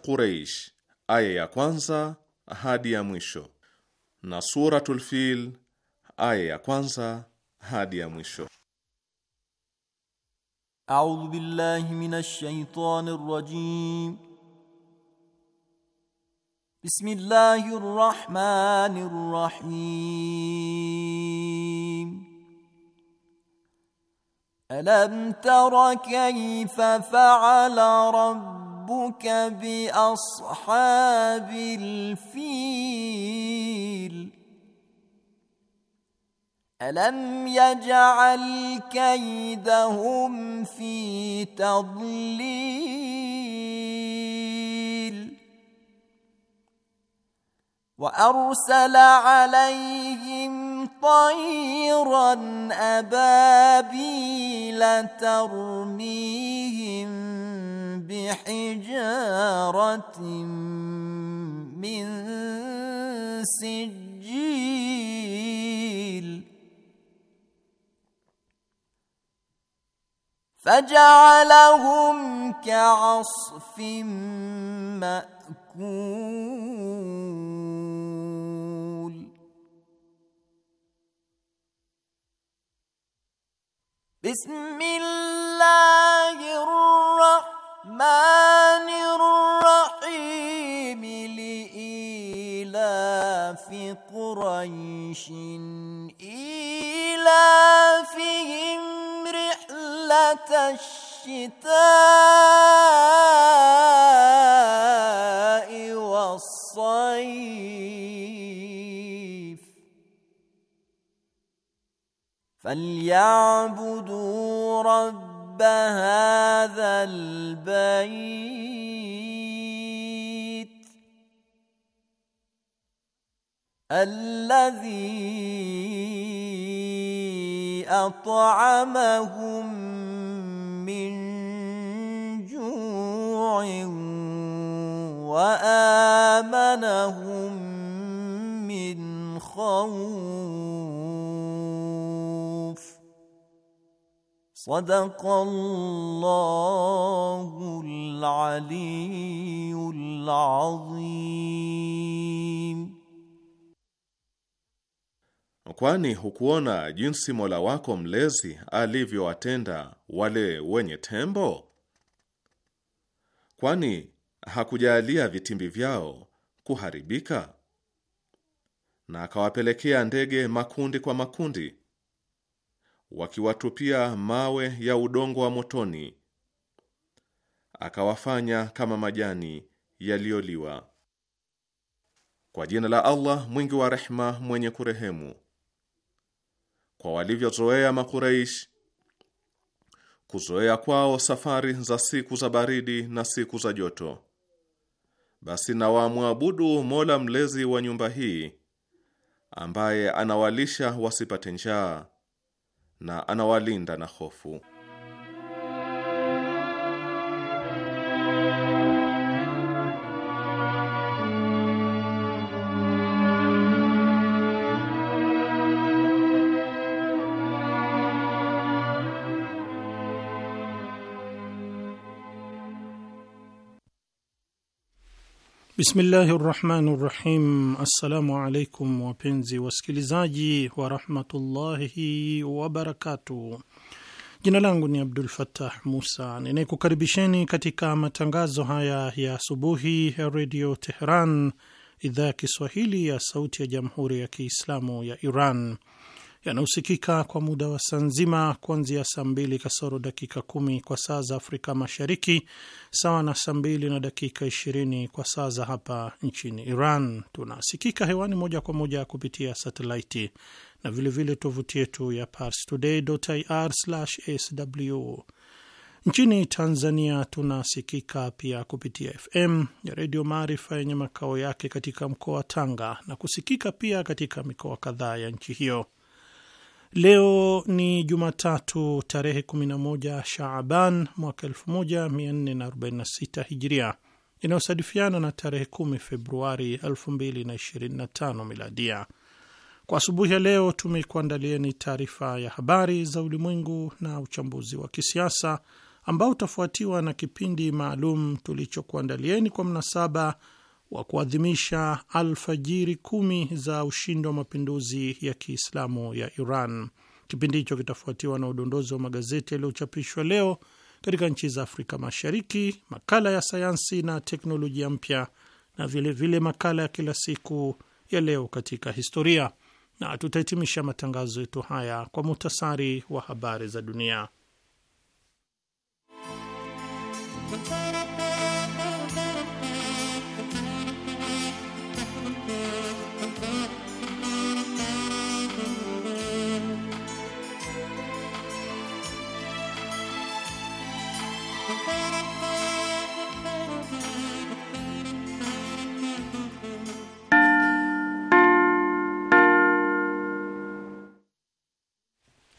Surat Quraish aya ya kwanza hadi ya mwisho na Suratul Fil aya ya kwanza hadi ya mwisho. A'udhu billahi minash shaitani rrajim. Bismillahir rahmanir rahim. ألم تر كيف فعل ربك ربك باصحاب الفيل الم يجعل كيدهم في تضليل وارسل عليهم طيرا أبابيل ترميهم بحجارة من سجيل فجعلهم كعصف مأكول بسم الله الرحمن الرحيم لإيلاف قريش إيلافهم رحلة الشتاء والصيف فليعبدوا رب هذا البيت الذي اطعمهم من جوع وامنهم من خوف الله العلي العظيم Kwani hukuona jinsi Mola wako mlezi alivyowatenda wale wenye tembo? Kwani hakujalia vitimbi vyao kuharibika? Na akawapelekea ndege makundi kwa makundi wakiwatupia mawe ya udongo wa motoni, akawafanya kama majani yaliyoliwa. Kwa jina la Allah mwingi wa rehma, mwenye kurehemu. Kwa walivyozoea Makuraish, kuzoea kwao safari za siku za baridi na siku za joto, basi na wamwabudu Mola mlezi wa nyumba hii ambaye anawalisha wasipate njaa na anawalinda na hofu. Bismillahi rahmani rahim. Assalamu alaikum wapenzi wasikilizaji warahmatullahi wabarakatuh. Jina langu ni Abdul Fattah Musa ninayekukaribisheni katika matangazo haya ya asubuhi ya Redio Teheran, idhaa ya Kiswahili ya sauti ya jamhuri ya Kiislamu ya Iran yanahusikika kwa muda wa saa nzima kuanzia saa mbili kasoro dakika kumi kwa saa za Afrika Mashariki, sawa na saa mbili na dakika ishirini kwa saa za hapa nchini Iran. Tunasikika hewani moja kwa moja kupitia satelaiti na vilevile tovuti yetu ya parstoday.ir/sw. Nchini Tanzania tunasikika pia kupitia FM ya Redio Maarifa yenye makao yake katika mkoa wa Tanga na kusikika pia katika mikoa kadhaa ya nchi hiyo. Leo ni Jumatatu tarehe 11 Shaaban mwaka 1446 Hijria, inayosadifiana na tarehe 10 Februari 2025 Miladia. Kwa asubuhi ya leo tumekuandalieni taarifa ya habari za ulimwengu na uchambuzi wa kisiasa ambao utafuatiwa na kipindi maalum tulichokuandalieni kwa mnasaba wa kuadhimisha alfajiri kumi za ushindi wa mapinduzi ya Kiislamu ya Iran. Kipindi hicho kitafuatiwa na udondozi wa magazeti yaliyochapishwa leo katika nchi za Afrika Mashariki, makala ya sayansi na teknolojia mpya, na vilevile vile makala ya kila siku ya leo katika historia, na tutahitimisha matangazo yetu haya kwa muhtasari wa habari za dunia.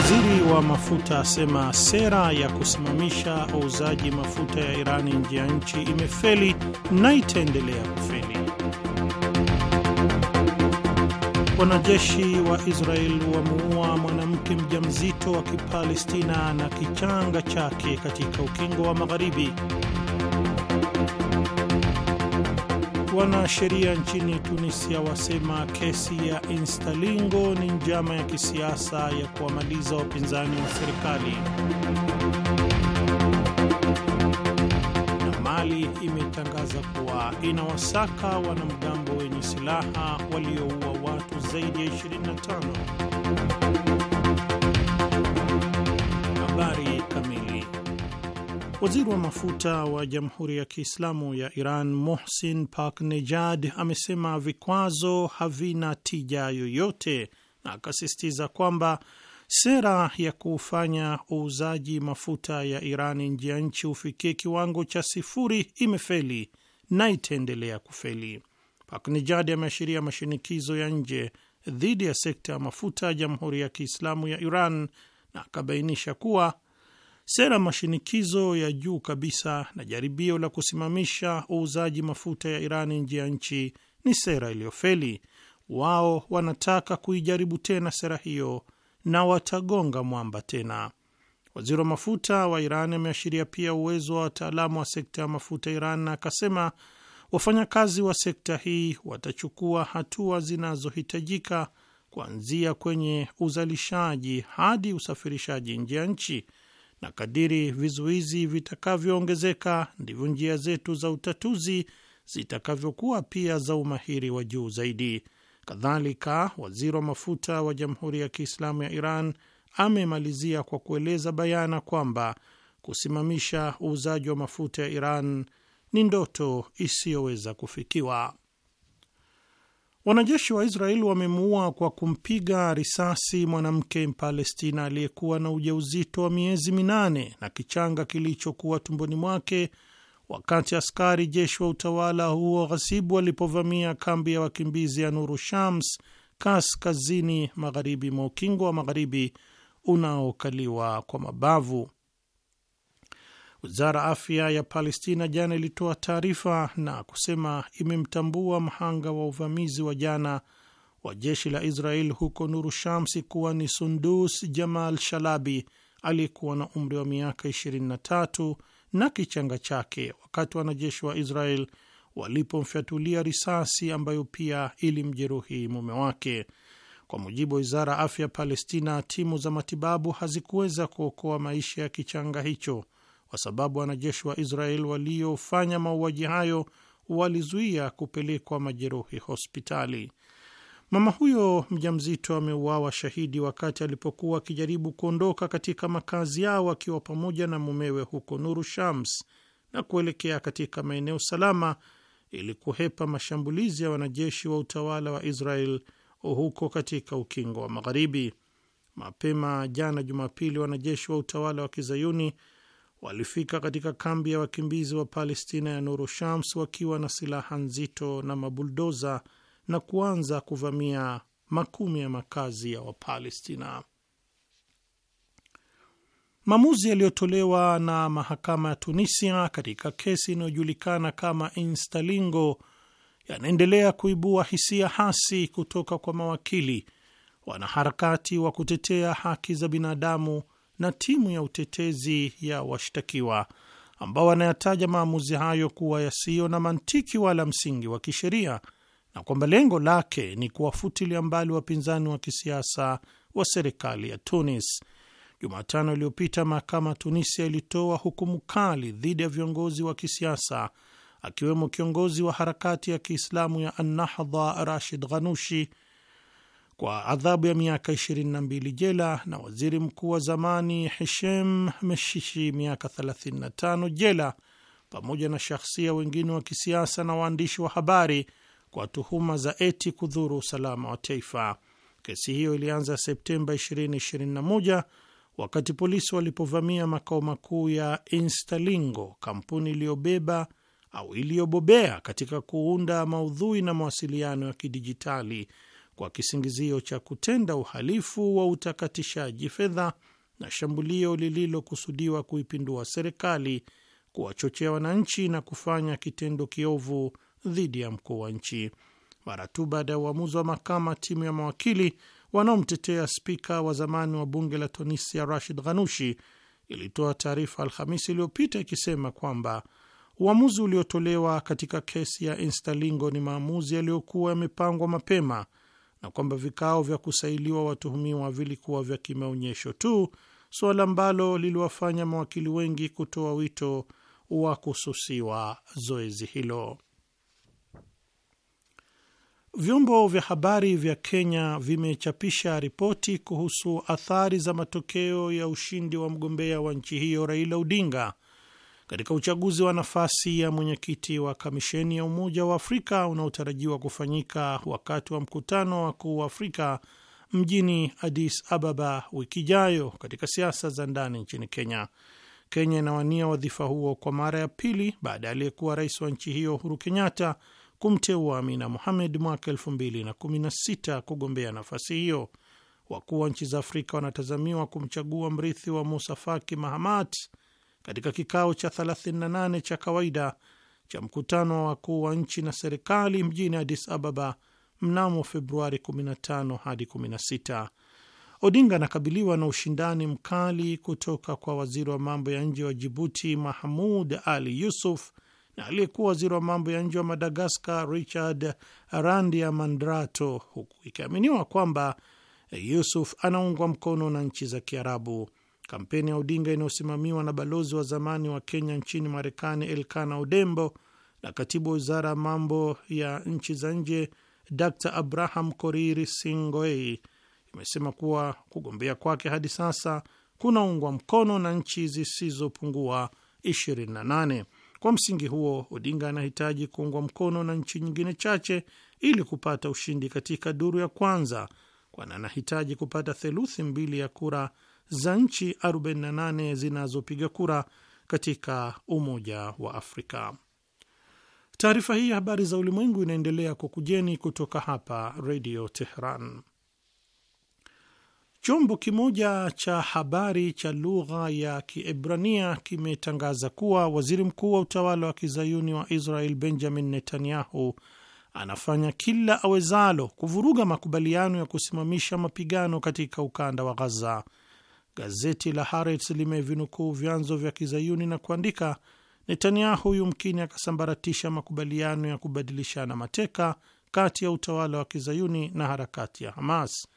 Waziri wa mafuta asema sera ya kusimamisha uuzaji mafuta ya Irani nje ya nchi imefeli na itaendelea kufeli. Wanajeshi wa israel wameua mwanamke mjamzito wa Kipalestina na kichanga chake katika ukingo wa Magharibi. Wanasheria nchini Tunisia wasema kesi ya Instalingo ni njama ya kisiasa ya kuwamaliza wapinzani wa serikali. Na Mali imetangaza kuwa inawasaka wanamgambo wenye silaha walioua watu zaidi ya 25. Waziri wa mafuta wa Jamhuri ya Kiislamu ya Iran Mohsin Paknejad amesema vikwazo havina tija yoyote, na akasisitiza kwamba sera ya kufanya uuzaji mafuta ya Iran nje ya nchi ufikie kiwango cha sifuri imefeli na itaendelea kufeli. Paknejad ameashiria mashinikizo ya nje dhidi ya sekta ya mafuta ya Jamhuri ya Kiislamu ya Iran na akabainisha kuwa Sera mashinikizo ya juu kabisa na jaribio la kusimamisha uuzaji mafuta ya Irani nje ya nchi ni sera iliyofeli. Wao wanataka kuijaribu tena sera hiyo na watagonga mwamba tena. Waziri wa mafuta wa Iran ameashiria pia uwezo wa wataalamu wa sekta ya mafuta Iran na akasema wafanyakazi wa sekta hii watachukua hatua zinazohitajika kuanzia kwenye uzalishaji hadi usafirishaji nje ya nchi na kadiri vizuizi vitakavyoongezeka ndivyo njia zetu za utatuzi zitakavyokuwa pia za umahiri wa juu zaidi. Kadhalika, waziri wa mafuta wa Jamhuri ya Kiislamu ya Iran amemalizia kwa kueleza bayana kwamba kusimamisha uuzaji wa mafuta ya Iran ni ndoto isiyoweza kufikiwa. Wanajeshi wa Israeli wamemuua kwa kumpiga risasi mwanamke Mpalestina aliyekuwa na ujauzito wa miezi minane na kichanga kilichokuwa tumboni mwake wakati askari jeshi wa utawala huo ghasibu walipovamia kambi ya wakimbizi ya Nuru Shams kaskazini magharibi mwa ukingo wa magharibi unaokaliwa kwa mabavu. Wizara afya ya Palestina jana ilitoa taarifa na kusema imemtambua mhanga wa uvamizi wa jana wa jeshi la Israel huko Nuru Shamsi kuwa ni Sundus Jamal Shalabi aliyekuwa na umri wa miaka 23 na kichanga chake, wakati wanajeshi wa Israel walipomfyatulia risasi ambayo pia ilimjeruhi mume wake. Kwa mujibu wa wizara ya afya Palestina, timu za matibabu hazikuweza kuokoa maisha ya kichanga hicho kwa sababu wanajeshi wa Israel waliofanya mauaji hayo walizuia kupelekwa majeruhi hospitali. Mama huyo mjamzito ameuawa shahidi wakati alipokuwa akijaribu kuondoka katika makazi yao akiwa pamoja na mumewe huko Nuru Shams na kuelekea katika maeneo salama ili kuhepa mashambulizi ya wanajeshi wa utawala wa Israel huko katika ukingo wa Magharibi. Mapema jana Jumapili, wanajeshi wa utawala wa kizayuni walifika katika kambi ya wakimbizi wa Palestina ya Nuru Shams wakiwa na silaha nzito na mabuldoza na kuanza kuvamia makumi ya makazi ya Wapalestina. Maamuzi yaliyotolewa na mahakama ya Tunisia katika kesi inayojulikana kama Instalingo yanaendelea kuibua hisia hasi kutoka kwa mawakili, wanaharakati wa kutetea haki za binadamu na timu ya utetezi ya washtakiwa ambao wanayataja maamuzi hayo kuwa yasiyo na mantiki wala msingi wa kisheria na kwamba lengo lake ni kuwafutilia mbali wapinzani wa kisiasa wa serikali ya Tunis. Jumatano iliyopita mahakama Tunisia ilitoa hukumu kali dhidi ya viongozi wa kisiasa akiwemo kiongozi wa harakati ya Kiislamu ya Annahdha Rashid Ghanushi kwa adhabu ya miaka 22 jela na waziri mkuu wa zamani hishem Meshishi miaka 35 jela pamoja na shahsia wengine wa kisiasa na waandishi wa habari kwa tuhuma za eti kudhuru usalama wa taifa. Kesi hiyo ilianza Septemba 2021 wakati polisi walipovamia makao makuu ya Instalingo, kampuni iliyobeba au iliyobobea katika kuunda maudhui na mawasiliano ya kidijitali kwa kisingizio cha kutenda uhalifu wa utakatishaji fedha na shambulio lililokusudiwa kuipindua serikali, kuwachochea wananchi na kufanya kitendo kiovu dhidi ya mkuu wa nchi. Mara tu baada ya uamuzi wa mahakama, timu ya mawakili wanaomtetea spika wa zamani wa bunge la Tunisia Rashid Ghanushi ilitoa taarifa Alhamisi iliyopita ikisema kwamba uamuzi uliotolewa katika kesi ya Instalingo ni maamuzi yaliyokuwa yamepangwa mapema na kwamba vikao vya kusailiwa watuhumiwa vilikuwa vya kimaonyesho tu, suala ambalo liliwafanya mawakili wengi kutoa wito wa kususiwa zoezi hilo. Vyombo vya habari vya Kenya vimechapisha ripoti kuhusu athari za matokeo ya ushindi wa mgombea wa nchi hiyo Raila Odinga katika uchaguzi wa nafasi ya mwenyekiti wa kamisheni ya Umoja wa Afrika unaotarajiwa kufanyika wakati wa mkutano wa kuu wa Afrika mjini Addis Ababa wiki ijayo. Katika siasa za ndani nchini Kenya, Kenya inawania wadhifa huo kwa mara ya pili baada ya aliyekuwa rais wa nchi hiyo Uhuru Kenyatta kumteua Amina Mohamed mwaka 2016 kugombea nafasi hiyo. Wakuu wa nchi za Afrika wanatazamiwa kumchagua mrithi wa Musa Faki Mahamat katika kikao cha 38 cha kawaida cha mkutano wa wakuu wa nchi na serikali mjini Addis Ababa mnamo Februari 15 hadi 16. Odinga anakabiliwa na ushindani mkali kutoka kwa waziri wa mambo ya nje wa Jibuti Mahmud Ali Yusuf na aliyekuwa waziri wa mambo ya nje wa Madagaskar Richard mandrato huku ikiaminiwa kwamba Yusuf anaungwa mkono na nchi za Kiarabu. Kampeni ya Odinga inayosimamiwa na balozi wa zamani wa Kenya nchini Marekani Elkana Odembo na katibu wa wizara ya mambo ya nchi za nje Dr Abraham Koriri Singoei imesema kuwa kugombea kwake hadi sasa kunaungwa mkono na nchi zisizopungua 28. Kwa msingi huo, Odinga anahitaji kuungwa mkono na nchi nyingine chache ili kupata ushindi katika duru ya kwanza, kwani anahitaji kupata theluthi mbili ya kura za nchi 48 zinazopiga kura katika Umoja wa Afrika. Taarifa hii ya habari za ulimwengu inaendelea kukujeni kutoka hapa Redio Teheran. Chombo kimoja cha habari cha lugha ya Kiebrania kimetangaza kuwa waziri mkuu wa utawala wa kizayuni wa Israel Benjamin Netanyahu anafanya kila awezalo kuvuruga makubaliano ya kusimamisha mapigano katika ukanda wa Ghaza gazeti la Haaretz limevinukuu vyanzo vya kizayuni na kuandika, Netanyahu yumkini akasambaratisha makubaliano ya kubadilishana mateka kati ya utawala wa kizayuni na harakati ya Hamas.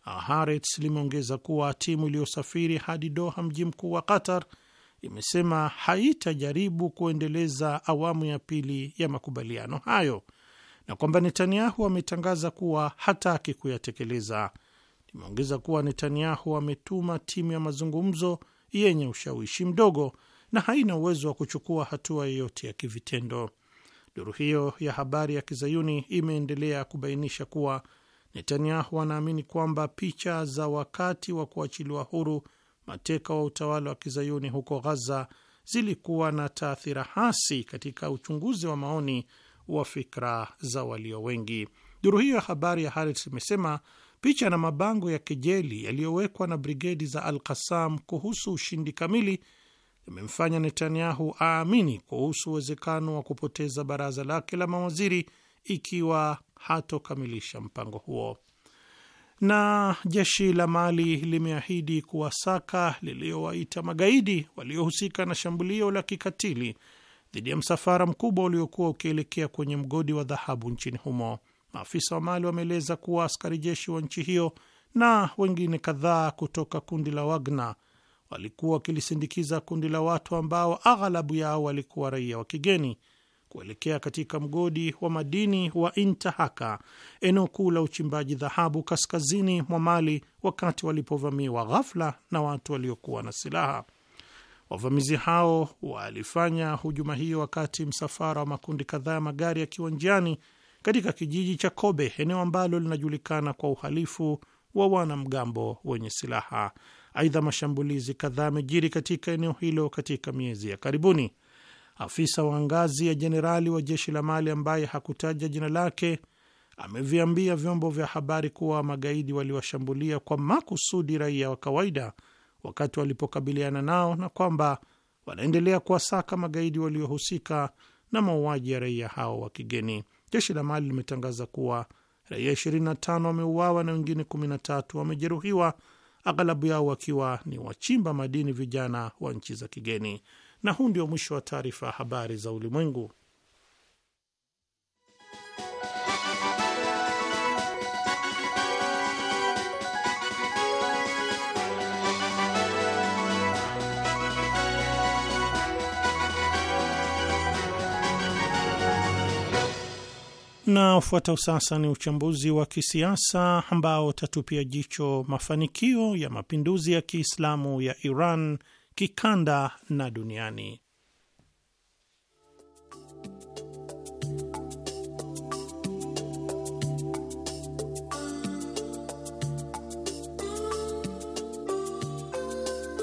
Haaretz limeongeza kuwa timu iliyosafiri hadi Doha, mji mkuu wa Qatar, imesema haitajaribu kuendeleza awamu ya pili ya makubaliano hayo na kwamba Netanyahu ametangaza kuwa hataki kuyatekeleza. Imeongeza kuwa Netanyahu ametuma timu ya mazungumzo yenye ushawishi mdogo na haina uwezo wa kuchukua hatua yoyote ya kivitendo. Duru hiyo ya habari ya kizayuni imeendelea kubainisha kuwa Netanyahu anaamini kwamba picha za wakati wa kuachiliwa huru mateka wa utawala wa kizayuni huko Ghaza zilikuwa na taathira hasi katika uchunguzi wa maoni wa fikra za walio wengi. Duru hiyo ya habari ya Haaretz imesema Picha na mabango ya kejeli yaliyowekwa na brigedi za Al-Qassam kuhusu ushindi kamili imemfanya Netanyahu aamini kuhusu uwezekano wa kupoteza baraza lake la mawaziri ikiwa hatokamilisha mpango huo. Na jeshi la Mali limeahidi kuwasaka liliyowaita magaidi waliohusika na shambulio la kikatili dhidi ya msafara mkubwa uliokuwa ukielekea kwenye mgodi wa dhahabu nchini humo. Maafisa wa Mali wameeleza kuwa askari jeshi wa nchi hiyo na wengine kadhaa kutoka kundi la Wagner walikuwa wakilisindikiza kundi la watu ambao aghalabu yao walikuwa raia wa kigeni kuelekea katika mgodi wa madini wa Intahaka, eneo kuu la uchimbaji dhahabu kaskazini mwa Mali, wakati walipovamiwa ghafla na watu waliokuwa na silaha. Wavamizi hao walifanya hujuma hiyo wakati msafara wa makundi kadhaa ya magari yakiwa njiani katika kijiji cha Kobe, eneo ambalo linajulikana kwa uhalifu wa wanamgambo wenye silaha. Aidha, mashambulizi kadhaa yamejiri katika eneo hilo katika miezi ya karibuni. Afisa wa ngazi ya jenerali wa jeshi la Mali ambaye hakutaja jina lake ameviambia vyombo vya habari kuwa magaidi waliwashambulia kwa makusudi raia wa kawaida wakati walipokabiliana nao na kwamba wanaendelea kuwasaka magaidi waliohusika na mauaji ya raia hao wa kigeni. Jeshi la Mali limetangaza kuwa raia 25 wameuawa na wengine 13 wamejeruhiwa, aghalabu yao wakiwa ni wachimba madini vijana wa nchi za kigeni. Na huu ndio mwisho wa taarifa ya habari za ulimwengu. Na ufuatao sasa ni uchambuzi wa kisiasa ambao utatupia jicho mafanikio ya mapinduzi ya Kiislamu ya Iran kikanda na duniani.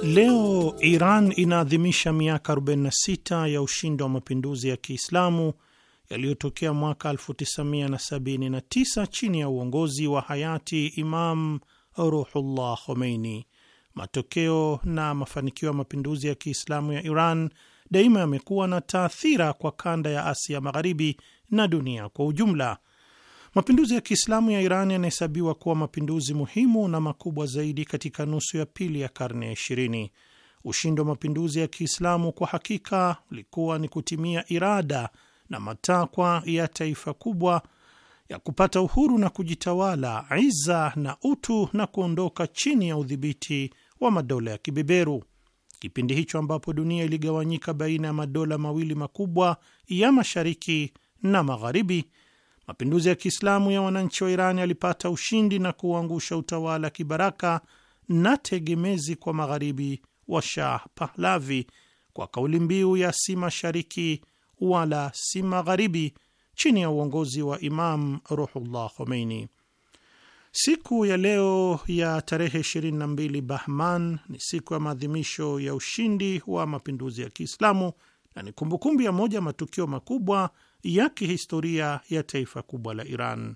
Leo Iran inaadhimisha miaka 46 ya ushindi wa mapinduzi ya Kiislamu yaliyotokea mwaka 1979 chini ya uongozi wa hayati Imam Ruhullah Khomeini. Matokeo na mafanikio ya mapinduzi ya Kiislamu ya Iran daima yamekuwa na taathira kwa kanda ya Asia Magharibi na dunia kwa ujumla. Mapinduzi ya Kiislamu ya Iran yanahesabiwa kuwa mapinduzi muhimu na makubwa zaidi katika nusu ya pili ya karne ya ishirini. Ushindi wa mapinduzi ya Kiislamu kwa hakika ulikuwa ni kutimia irada na matakwa ya taifa kubwa ya kupata uhuru na kujitawala, iza na utu, na kuondoka chini ya udhibiti wa madola ya kibeberu. Kipindi hicho ambapo dunia iligawanyika baina ya madola mawili makubwa ya mashariki na magharibi, mapinduzi ya Kiislamu ya wananchi wa Iran yalipata ushindi na kuangusha utawala kibaraka na tegemezi kwa magharibi wa Shah Pahlavi kwa kauli mbiu ya si mashariki wala si magharibi chini ya uongozi wa Imam Ruhullah Khomeini. Siku ya leo ya tarehe 22 Bahman ni siku ya maadhimisho ya ushindi wa mapinduzi ya Kiislamu na ni kumbukumbu ya moja matukio makubwa ya kihistoria ya taifa kubwa la Iran.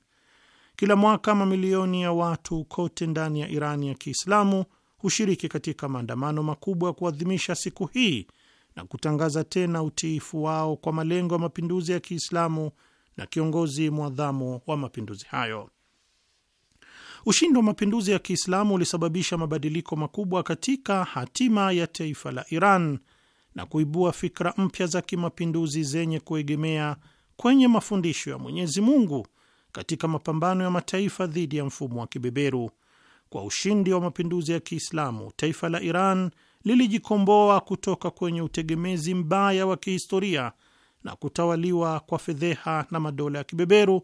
Kila mwaka mamilioni ya watu kote ndani ya Iran ya Kiislamu hushiriki katika maandamano makubwa ya kuadhimisha siku hii na kutangaza tena utiifu wao kwa malengo ya mapinduzi ya Kiislamu na kiongozi mwadhamu wa mapinduzi hayo. Ushindi wa mapinduzi ya Kiislamu ulisababisha mabadiliko makubwa katika hatima ya taifa la Iran na kuibua fikra mpya za kimapinduzi zenye kuegemea kwenye mafundisho ya Mwenyezi Mungu katika mapambano ya mataifa dhidi ya mfumo wa kibeberu. Kwa ushindi wa mapinduzi ya Kiislamu, taifa la Iran lilijikomboa kutoka kwenye utegemezi mbaya wa kihistoria na kutawaliwa kwa fedheha na madola ya kibeberu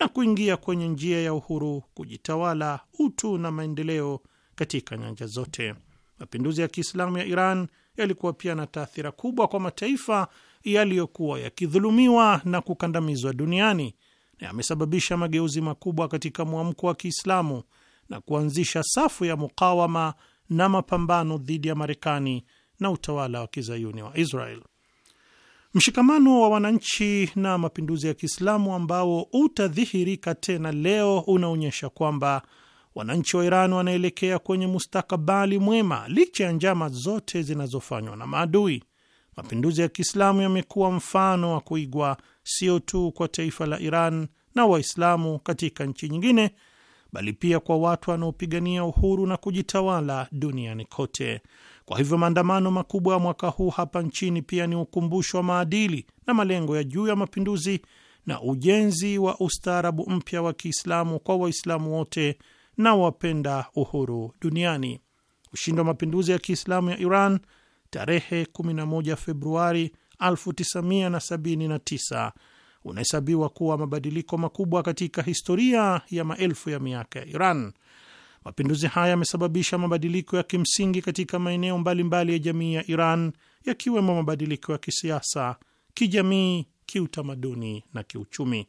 na kuingia kwenye njia ya uhuru, kujitawala, utu na maendeleo katika nyanja zote. Mapinduzi ya Kiislamu ya Iran yalikuwa pia na taathira kubwa kwa mataifa yaliyokuwa yakidhulumiwa na kukandamizwa duniani na yamesababisha mageuzi makubwa katika mwamko wa Kiislamu na kuanzisha safu ya mukawama na mapambano dhidi ya Marekani na utawala wa kizayuni wa Israel. Mshikamano wa wananchi na mapinduzi ya Kiislamu ambao utadhihirika tena leo unaonyesha kwamba wananchi wa Iran wanaelekea kwenye mustakabali mwema licha ya njama zote zinazofanywa na maadui. Mapinduzi ya Kiislamu yamekuwa mfano wa kuigwa sio tu kwa taifa la Iran na Waislamu katika nchi nyingine bali pia kwa watu wanaopigania uhuru na kujitawala duniani kote. Kwa hivyo maandamano makubwa ya mwaka huu hapa nchini pia ni ukumbusho wa maadili na malengo ya juu ya mapinduzi na ujenzi wa ustaarabu mpya wa Kiislamu kwa Waislamu wote na wapenda uhuru duniani. Ushindi wa mapinduzi ya Kiislamu ya Iran tarehe 11 Februari 1979 unahesabiwa kuwa mabadiliko makubwa katika historia ya maelfu ya miaka ya Iran. Mapinduzi haya yamesababisha mabadiliko ya kimsingi katika maeneo mbalimbali ya jamii ya Iran, yakiwemo mabadiliko ya kisiasa, kijamii, kiutamaduni na kiuchumi.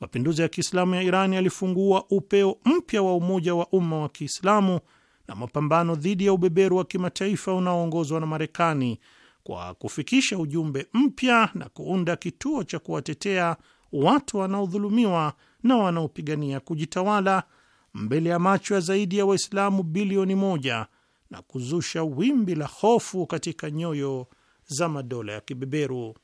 Mapinduzi ya Kiislamu ya Iran yalifungua upeo mpya wa umoja wa umma wa Kiislamu na mapambano dhidi ya ubeberu wa kimataifa unaoongozwa na Marekani kwa kufikisha ujumbe mpya na kuunda kituo cha kuwatetea watu wanaodhulumiwa na wanaopigania kujitawala mbele ya macho ya zaidi ya Waislamu bilioni moja na kuzusha wimbi la hofu katika nyoyo za madola ya kibeberu.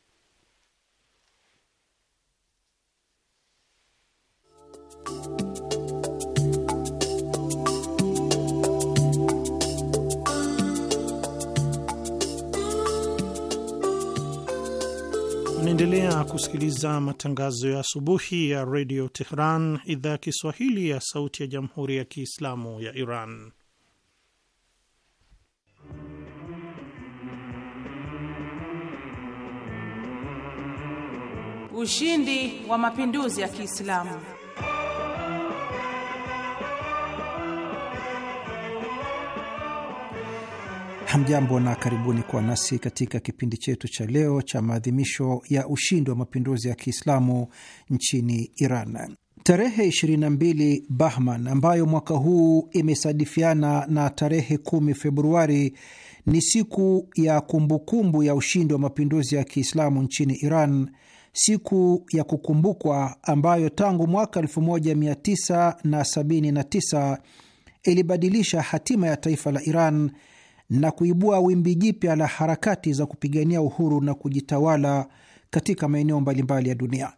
Unaendelea kusikiliza matangazo ya asubuhi ya redio Tehran, idhaa ya Kiswahili ya sauti ya jamhuri ya Kiislamu ya Iran. Ushindi wa mapinduzi ya Kiislamu. Hamjambo na karibuni kwa nasi katika kipindi chetu cha leo cha maadhimisho ya ushindi wa mapinduzi ya Kiislamu nchini Iran. Tarehe 22 Bahman ambayo mwaka huu imesadifiana na tarehe 10 Februari ni siku ya kumbukumbu ya ushindi wa mapinduzi ya Kiislamu nchini Iran, siku ya kukumbukwa ambayo tangu mwaka 1979 ilibadilisha hatima ya taifa la Iran na kuibua wimbi jipya la harakati za kupigania uhuru na kujitawala katika maeneo mbalimbali ya dunia.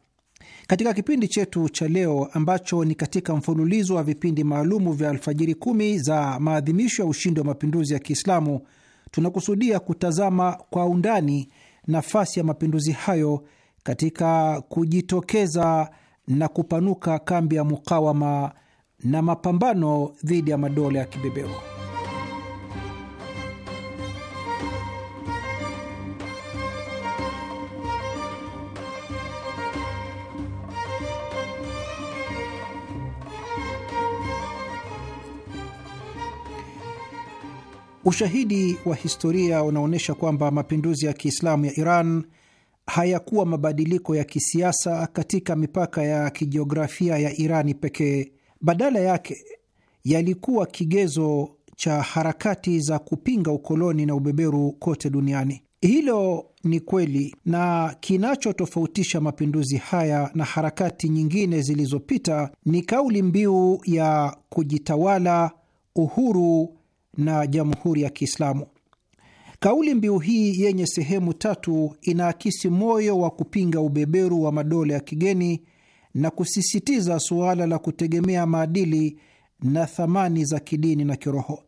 Katika kipindi chetu cha leo ambacho ni katika mfululizo wa vipindi maalumu vya Alfajiri Kumi za maadhimisho ya ushindi wa mapinduzi ya Kiislamu, tunakusudia kutazama kwa undani nafasi ya mapinduzi hayo katika kujitokeza na kupanuka kambi ya mukawama na mapambano dhidi ya madola ya kibebeo. Ushahidi wa historia unaonyesha kwamba mapinduzi ya Kiislamu ya Iran hayakuwa mabadiliko ya kisiasa katika mipaka ya kijiografia ya Irani pekee. Badala yake, yalikuwa kigezo cha harakati za kupinga ukoloni na ubeberu kote duniani. Hilo ni kweli, na kinachotofautisha mapinduzi haya na harakati nyingine zilizopita ni kauli mbiu ya kujitawala, uhuru na Jamhuri ya Kiislamu. Kauli mbiu hii yenye sehemu tatu inaakisi moyo wa kupinga ubeberu wa madola ya kigeni na kusisitiza suala la kutegemea maadili na thamani za kidini na kiroho.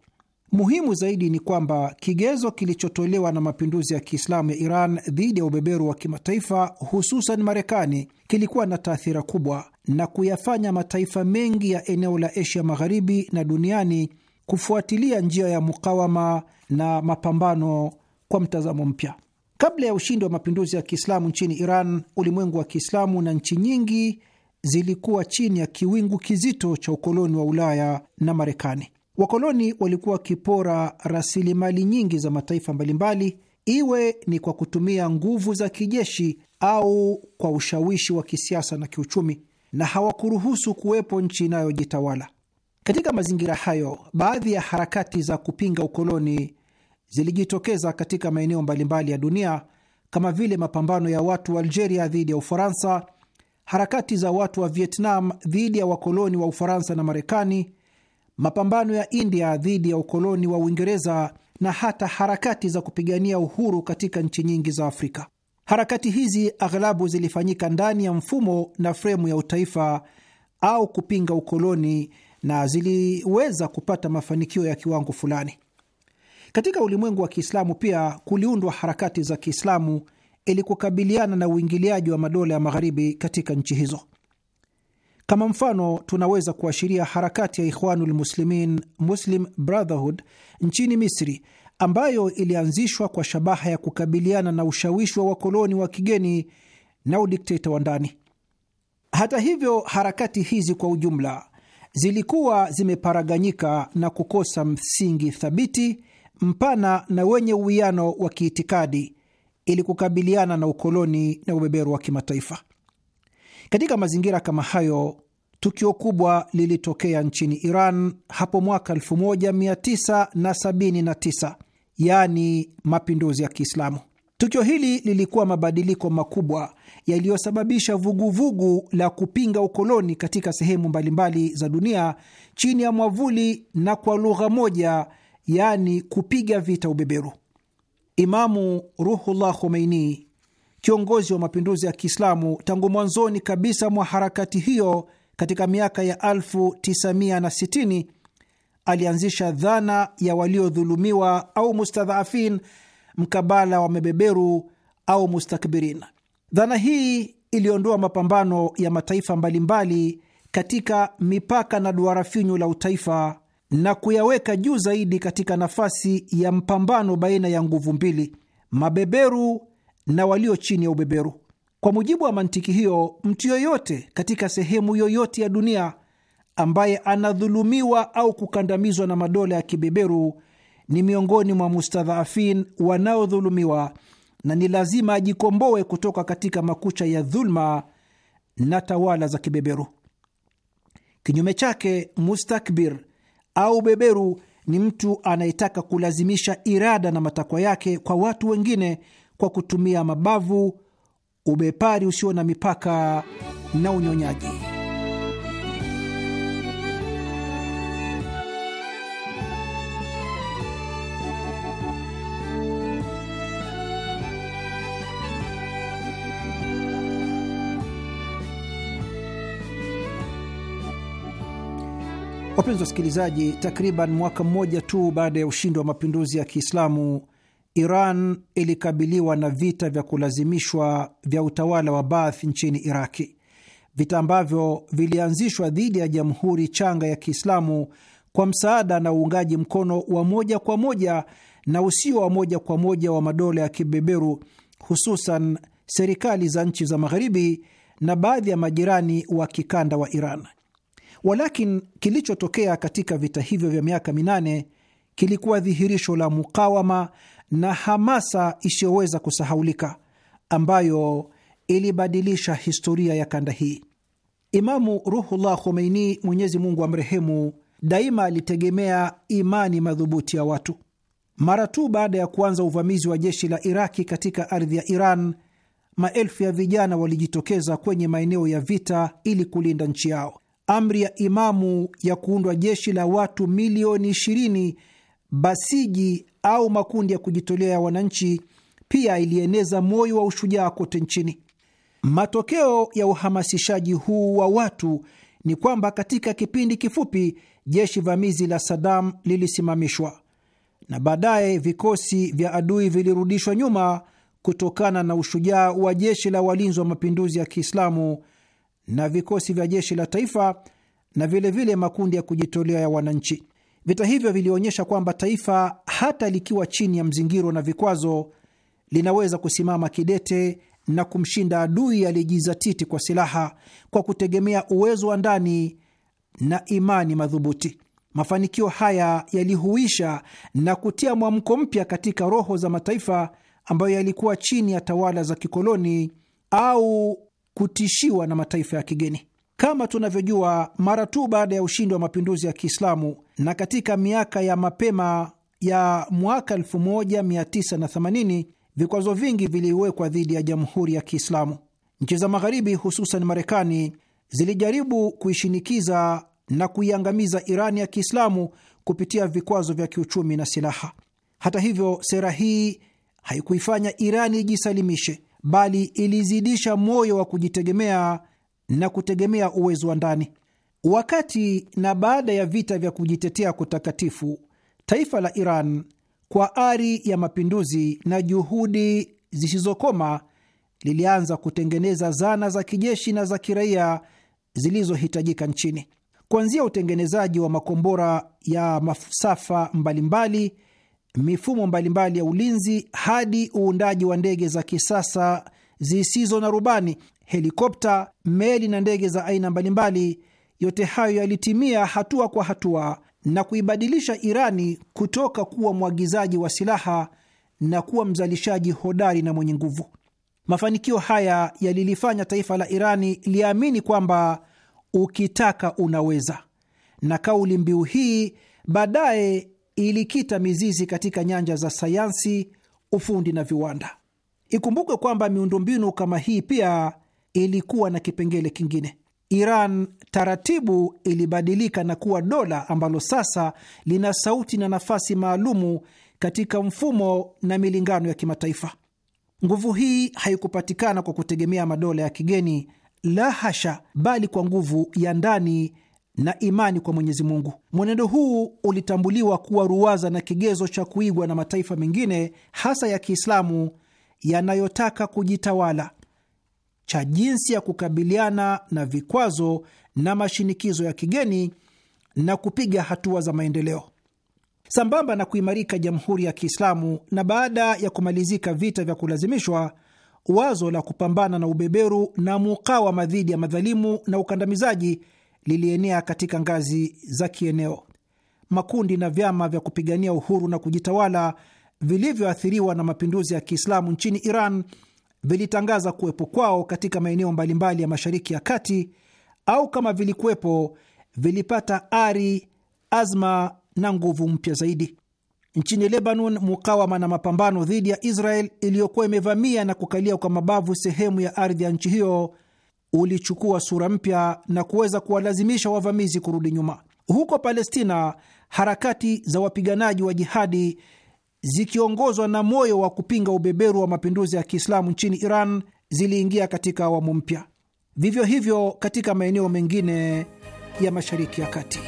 Muhimu zaidi ni kwamba kigezo kilichotolewa na mapinduzi ya Kiislamu ya Iran dhidi ya ubeberu wa kimataifa, hususan Marekani, kilikuwa na taathira kubwa na kuyafanya mataifa mengi ya eneo la Asia Magharibi na duniani kufuatilia njia ya mukawama na mapambano kwa mtazamo mpya. Kabla ya ushindi wa mapinduzi ya Kiislamu nchini Iran, ulimwengu wa Kiislamu na nchi nyingi zilikuwa chini ya kiwingu kizito cha ukoloni wa Ulaya na Marekani. Wakoloni walikuwa wakipora rasilimali nyingi za mataifa mbalimbali, iwe ni kwa kutumia nguvu za kijeshi au kwa ushawishi wa kisiasa na kiuchumi, na hawakuruhusu kuwepo nchi inayojitawala. Katika mazingira hayo, baadhi ya harakati za kupinga ukoloni zilijitokeza katika maeneo mbalimbali ya dunia kama vile mapambano ya watu wa Algeria dhidi ya Ufaransa, harakati za watu wa Vietnam dhidi ya wakoloni wa Ufaransa na Marekani, mapambano ya India dhidi ya ukoloni wa Uingereza na hata harakati za kupigania uhuru katika nchi nyingi za Afrika. Harakati hizi aghalabu zilifanyika ndani ya mfumo na fremu ya utaifa au kupinga ukoloni na ziliweza kupata mafanikio ya kiwango fulani. Katika ulimwengu wa Kiislamu pia kuliundwa harakati za Kiislamu ili kukabiliana na uingiliaji wa madola ya magharibi katika nchi hizo. Kama mfano tunaweza kuashiria harakati ya Ikhwanul Muslimin, Muslim Brotherhood nchini Misri, ambayo ilianzishwa kwa shabaha ya kukabiliana na ushawishi wa wakoloni wa kigeni na udikteta wa ndani. Hata hivyo, harakati hizi kwa ujumla zilikuwa zimeparaganyika na kukosa msingi thabiti, mpana na wenye uwiano wa kiitikadi ili kukabiliana na ukoloni na ubeberu wa kimataifa. Katika mazingira kama hayo, tukio kubwa lilitokea nchini Iran hapo mwaka 1979 yaani mapinduzi ya Kiislamu. Tukio hili lilikuwa mabadiliko makubwa yaliyosababisha vuguvugu la kupinga ukoloni katika sehemu mbalimbali za dunia chini ya mwavuli na kwa lugha moja, yaani kupiga vita ubeberu. Imamu Ruhullah Khomeini, kiongozi wa mapinduzi ya Kiislamu, tangu mwanzoni kabisa mwa harakati hiyo katika miaka ya 1960 alianzisha dhana ya waliodhulumiwa au mustadhaafin mkabala wa mabeberu au mustakbirin. Dhana hii iliondoa mapambano ya mataifa mbalimbali katika mipaka na duara finyu la utaifa na kuyaweka juu zaidi katika nafasi ya mpambano baina ya nguvu mbili, mabeberu na walio chini ya ubeberu. Kwa mujibu wa mantiki hiyo, mtu yoyote katika sehemu yoyote ya dunia ambaye anadhulumiwa au kukandamizwa na madola ya kibeberu ni miongoni mwa mustadhaafin wanaodhulumiwa na ni lazima ajikomboe kutoka katika makucha ya dhuluma na tawala za kibeberu. Kinyume chake, mustakbir au beberu ni mtu anayetaka kulazimisha irada na matakwa yake kwa watu wengine kwa kutumia mabavu, ubepari usio na mipaka na unyonyaji. Wapenzi wasikilizaji, takriban mwaka mmoja tu baada ya ushindi wa mapinduzi ya Kiislamu, Iran ilikabiliwa na vita vya kulazimishwa vya utawala wa Baath nchini Iraki, vita ambavyo vilianzishwa dhidi ya jamhuri changa ya Kiislamu kwa msaada na uungaji mkono wa moja kwa moja na usio wa moja kwa moja wa madola ya kibeberu, hususan serikali za nchi za Magharibi na baadhi ya majirani wa kikanda wa Iran. Walakin kilichotokea katika vita hivyo vya miaka minane kilikuwa dhihirisho la mukawama na hamasa isiyoweza kusahaulika ambayo ilibadilisha historia ya kanda hii. Imamu Ruhullah Khomeini, Mwenyezi Mungu amrehemu, daima alitegemea imani madhubuti ya watu. Mara tu baada ya kuanza uvamizi wa jeshi la Iraki katika ardhi ya Iran, maelfu ya vijana walijitokeza kwenye maeneo ya vita ili kulinda nchi yao amri ya Imamu ya kuundwa jeshi la watu milioni 20 basiji au makundi ya kujitolea ya wananchi pia ilieneza moyo wa ushujaa kote nchini. Matokeo ya uhamasishaji huu wa watu ni kwamba katika kipindi kifupi jeshi vamizi la sadam lilisimamishwa na baadaye vikosi vya adui vilirudishwa nyuma kutokana na ushujaa wa jeshi la walinzi wa mapinduzi ya Kiislamu na vikosi vya jeshi la taifa na vilevile vile makundi ya kujitolea ya wananchi. Vita hivyo vilionyesha kwamba taifa hata likiwa chini ya mzingiro na vikwazo, linaweza kusimama kidete na kumshinda adui aliyejizatiti kwa silaha kwa kutegemea uwezo wa ndani na imani madhubuti. Mafanikio haya yalihuisha na kutia mwamko mpya katika roho za mataifa ambayo yalikuwa chini ya tawala za kikoloni au kutishiwa na mataifa ya kigeni. Kama tunavyojua, mara tu baada ya ushindi wa mapinduzi ya Kiislamu na katika miaka ya mapema ya mwaka 1980 vikwazo vingi viliwekwa dhidi ya jamhuri ya Kiislamu. Nchi za Magharibi, hususan Marekani, zilijaribu kuishinikiza na kuiangamiza Irani ya Kiislamu kupitia vikwazo vya kiuchumi na silaha. Hata hivyo, sera hii haikuifanya Irani ijisalimishe, bali ilizidisha moyo wa kujitegemea na kutegemea uwezo wa ndani. Wakati na baada ya vita vya kujitetea kutakatifu, taifa la Iran kwa ari ya mapinduzi na juhudi zisizokoma lilianza kutengeneza zana za kijeshi na za kiraia zilizohitajika nchini, kuanzia utengenezaji wa makombora ya masafa mbalimbali mifumo mbalimbali ya ulinzi hadi uundaji wa ndege za kisasa zisizo na rubani, helikopta, meli na ndege za aina mbalimbali. Yote hayo yalitimia hatua kwa hatua na kuibadilisha Irani kutoka kuwa mwagizaji wa silaha na kuwa mzalishaji hodari na mwenye nguvu. Mafanikio haya yalilifanya taifa la Irani liamini kwamba ukitaka unaweza, na kauli mbiu hii baadaye ilikita mizizi katika nyanja za sayansi, ufundi na viwanda. Ikumbukwe kwamba miundombinu kama hii pia ilikuwa na kipengele kingine. Iran taratibu ilibadilika na kuwa dola ambalo sasa lina sauti na nafasi maalumu katika mfumo na milingano ya kimataifa. Nguvu hii haikupatikana kwa kutegemea madola ya kigeni, la hasha, bali kwa nguvu ya ndani na imani kwa Mwenyezi Mungu. Mwenendo huu ulitambuliwa kuwa ruwaza na kigezo cha kuigwa na mataifa mengine hasa ya Kiislamu yanayotaka kujitawala, cha jinsi ya kukabiliana na vikwazo na mashinikizo ya kigeni na kupiga hatua za maendeleo. Sambamba na kuimarika Jamhuri ya Kiislamu na baada ya kumalizika vita vya kulazimishwa, wazo la kupambana na ubeberu na mukawama dhidi ya madhalimu na ukandamizaji lilienea katika ngazi za kieneo. Makundi na vyama vya kupigania uhuru na kujitawala vilivyoathiriwa na mapinduzi ya Kiislamu nchini Iran vilitangaza kuwepo kwao katika maeneo mbalimbali ya Mashariki ya Kati, au kama vilikuwepo, vilipata ari, azma na nguvu mpya zaidi. Nchini Lebanon, mukawama na mapambano dhidi ya Israel iliyokuwa imevamia na kukalia kwa mabavu sehemu ya ardhi ya nchi hiyo ulichukua sura mpya na kuweza kuwalazimisha wavamizi kurudi nyuma. Huko Palestina, harakati za wapiganaji wa jihadi zikiongozwa na moyo wa kupinga ubeberu wa mapinduzi ya Kiislamu nchini Iran ziliingia katika awamu mpya. Vivyo hivyo katika maeneo mengine ya Mashariki ya Kati.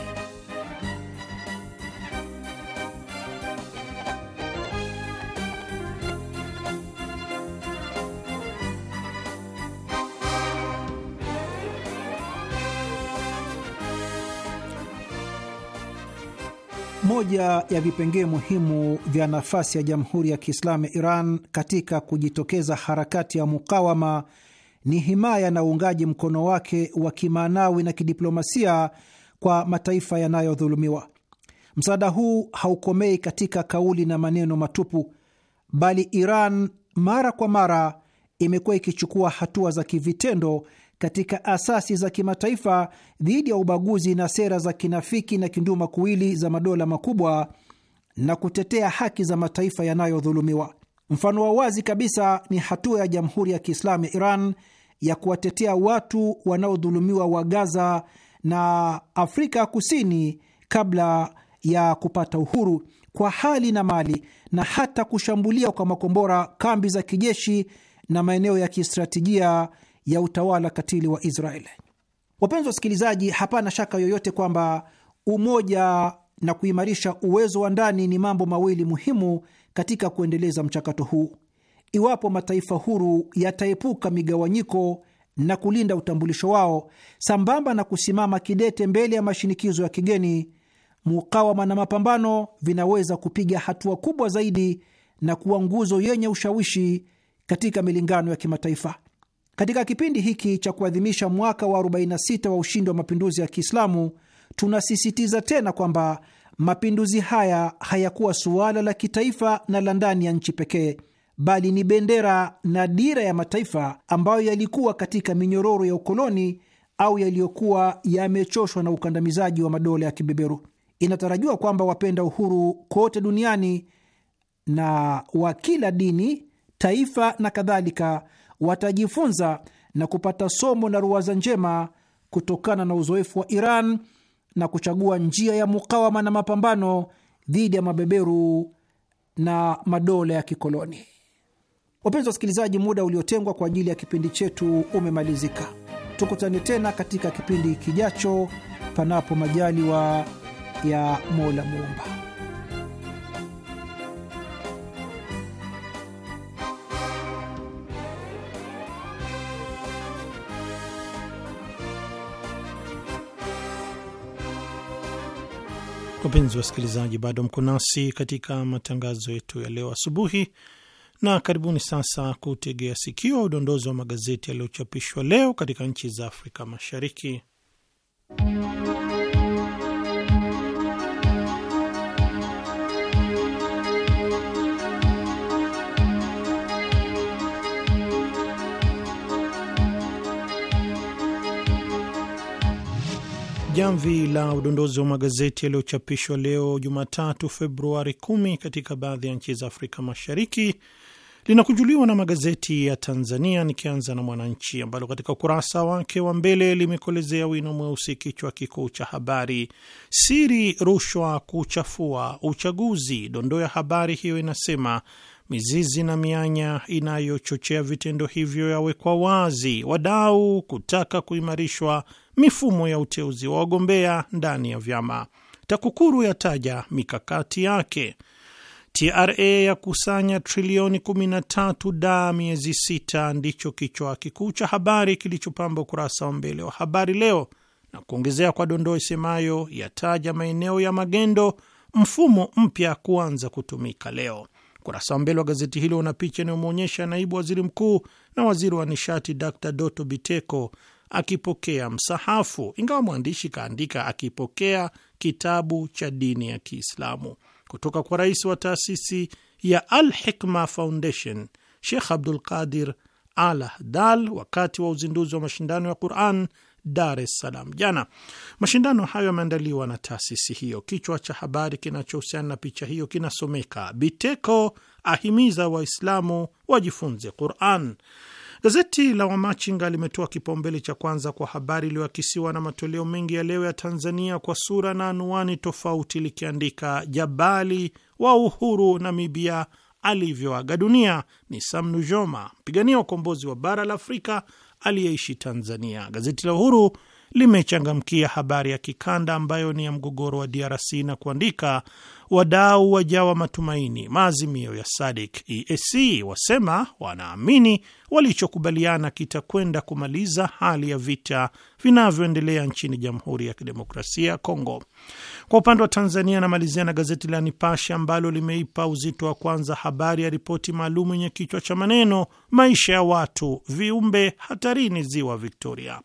Moja ya vipengee muhimu vya nafasi ya Jamhuri ya Kiislamu ya Iran katika kujitokeza harakati ya mukawama ni himaya na uungaji mkono wake wa kimaanawi na kidiplomasia kwa mataifa yanayodhulumiwa. Msaada huu haukomei katika kauli na maneno matupu, bali Iran mara kwa mara imekuwa ikichukua hatua za kivitendo katika asasi za kimataifa dhidi ya ubaguzi na sera za kinafiki na kinduma kuwili za madola makubwa na kutetea haki za mataifa yanayodhulumiwa. Mfano wa wazi kabisa ni hatua ya Jamhuri ya Kiislamu ya Iran ya kuwatetea watu wanaodhulumiwa wa Gaza na Afrika Kusini kabla ya kupata uhuru kwa hali na mali, na hata kushambulia kwa makombora kambi za kijeshi na maeneo ya kistratejia ya utawala katili wa Israeli. Wapenzi wasikilizaji, hapana shaka yoyote kwamba umoja na kuimarisha uwezo wa ndani ni mambo mawili muhimu katika kuendeleza mchakato huu. Iwapo mataifa huru yataepuka migawanyiko na kulinda utambulisho wao sambamba na kusimama kidete mbele ya mashinikizo ya kigeni, mukawama na mapambano vinaweza kupiga hatua kubwa zaidi na kuwa nguzo yenye ushawishi katika milingano ya kimataifa. Katika kipindi hiki cha kuadhimisha mwaka wa 46 wa ushindi wa mapinduzi ya Kiislamu, tunasisitiza tena kwamba mapinduzi haya hayakuwa suala la kitaifa na la ndani ya nchi pekee, bali ni bendera na dira ya mataifa ambayo yalikuwa katika minyororo ya ukoloni au yaliyokuwa yamechoshwa na ukandamizaji wa madola ya kibeberu. Inatarajiwa kwamba wapenda uhuru kote duniani na wa kila dini, taifa na kadhalika watajifunza na kupata somo na ruwaza njema kutokana na uzoefu wa Iran na kuchagua njia ya mukawama na mapambano dhidi ya mabeberu na madola ya kikoloni. Wapenzi wasikilizaji, muda uliotengwa kwa ajili ya kipindi chetu umemalizika. Tukutane tena katika kipindi kijacho, panapo majaliwa ya Mola Muumba. Wapenzi wasikilizaji, bado mko nasi katika matangazo yetu ya leo asubuhi, na karibuni sasa kutegea sikio udondozi wa magazeti yaliyochapishwa leo katika nchi za Afrika Mashariki. jamvi la udondozi wa magazeti yaliyochapishwa leo Jumatatu, Februari 10 katika baadhi ya nchi za Afrika Mashariki linakujuliwa na magazeti ya Tanzania, nikianza na Mwananchi ambalo katika ukurasa wake wa mbele limekolezea wino mweusi kichwa kikuu cha habari, siri rushwa kuchafua uchaguzi. Dondoo ya habari hiyo inasema mizizi na mianya inayochochea vitendo hivyo yawekwa wazi, wadau kutaka kuimarishwa mifumo ya uteuzi wa wagombea ndani ya vyama. TAKUKURU yataja mikakati yake. TRA ya kusanya trilioni 13 da miezi sita, ndicho kichwa kikuu cha habari kilichopamba ukurasa wa mbele wa habari leo, na kuongezea kwa dondoo isemayo yataja maeneo ya magendo, mfumo mpya kuanza kutumika leo. Ukurasa wa mbele wa gazeti hilo una picha inayomwonyesha naibu waziri mkuu na waziri wa nishati Dr Doto Biteko akipokea msahafu, ingawa mwandishi kaandika akipokea kitabu cha dini ya Kiislamu kutoka kwa rais wa taasisi ya Al Hikma Foundation Shekh Abdul Qadir Al wakati wa uzinduzi wa mashindano ya Quran Dar es Salaam jana. Mashindano hayo yameandaliwa na taasisi hiyo. Kichwa cha habari kinachohusiana na picha hiyo kinasomeka Biteko ahimiza Waislamu wajifunze Quran. Gazeti la Wamachinga limetoa kipaumbele cha kwanza kwa habari iliyoakisiwa na matoleo mengi ya leo ya Tanzania kwa sura na anuani tofauti, likiandika jabali wa uhuru Namibia alivyoaga dunia ni Sam Nujoma, mpigania ukombozi wa bara la Afrika aliyeishi Tanzania. Gazeti la Uhuru limechangamkia habari ya kikanda ambayo ni ya mgogoro wa DRC na kuandika wadau wajawa matumaini, maazimio ya SADC. E EAC wasema wanaamini walichokubaliana kitakwenda kumaliza hali ya vita vinavyoendelea nchini Jamhuri ya Kidemokrasia ya Kongo. Kwa upande wa Tanzania, anamalizia na gazeti la Nipashe ambalo limeipa uzito wa kwanza habari ya ripoti maalum yenye kichwa cha maneno maisha ya watu viumbe hatarini ziwa Victoria.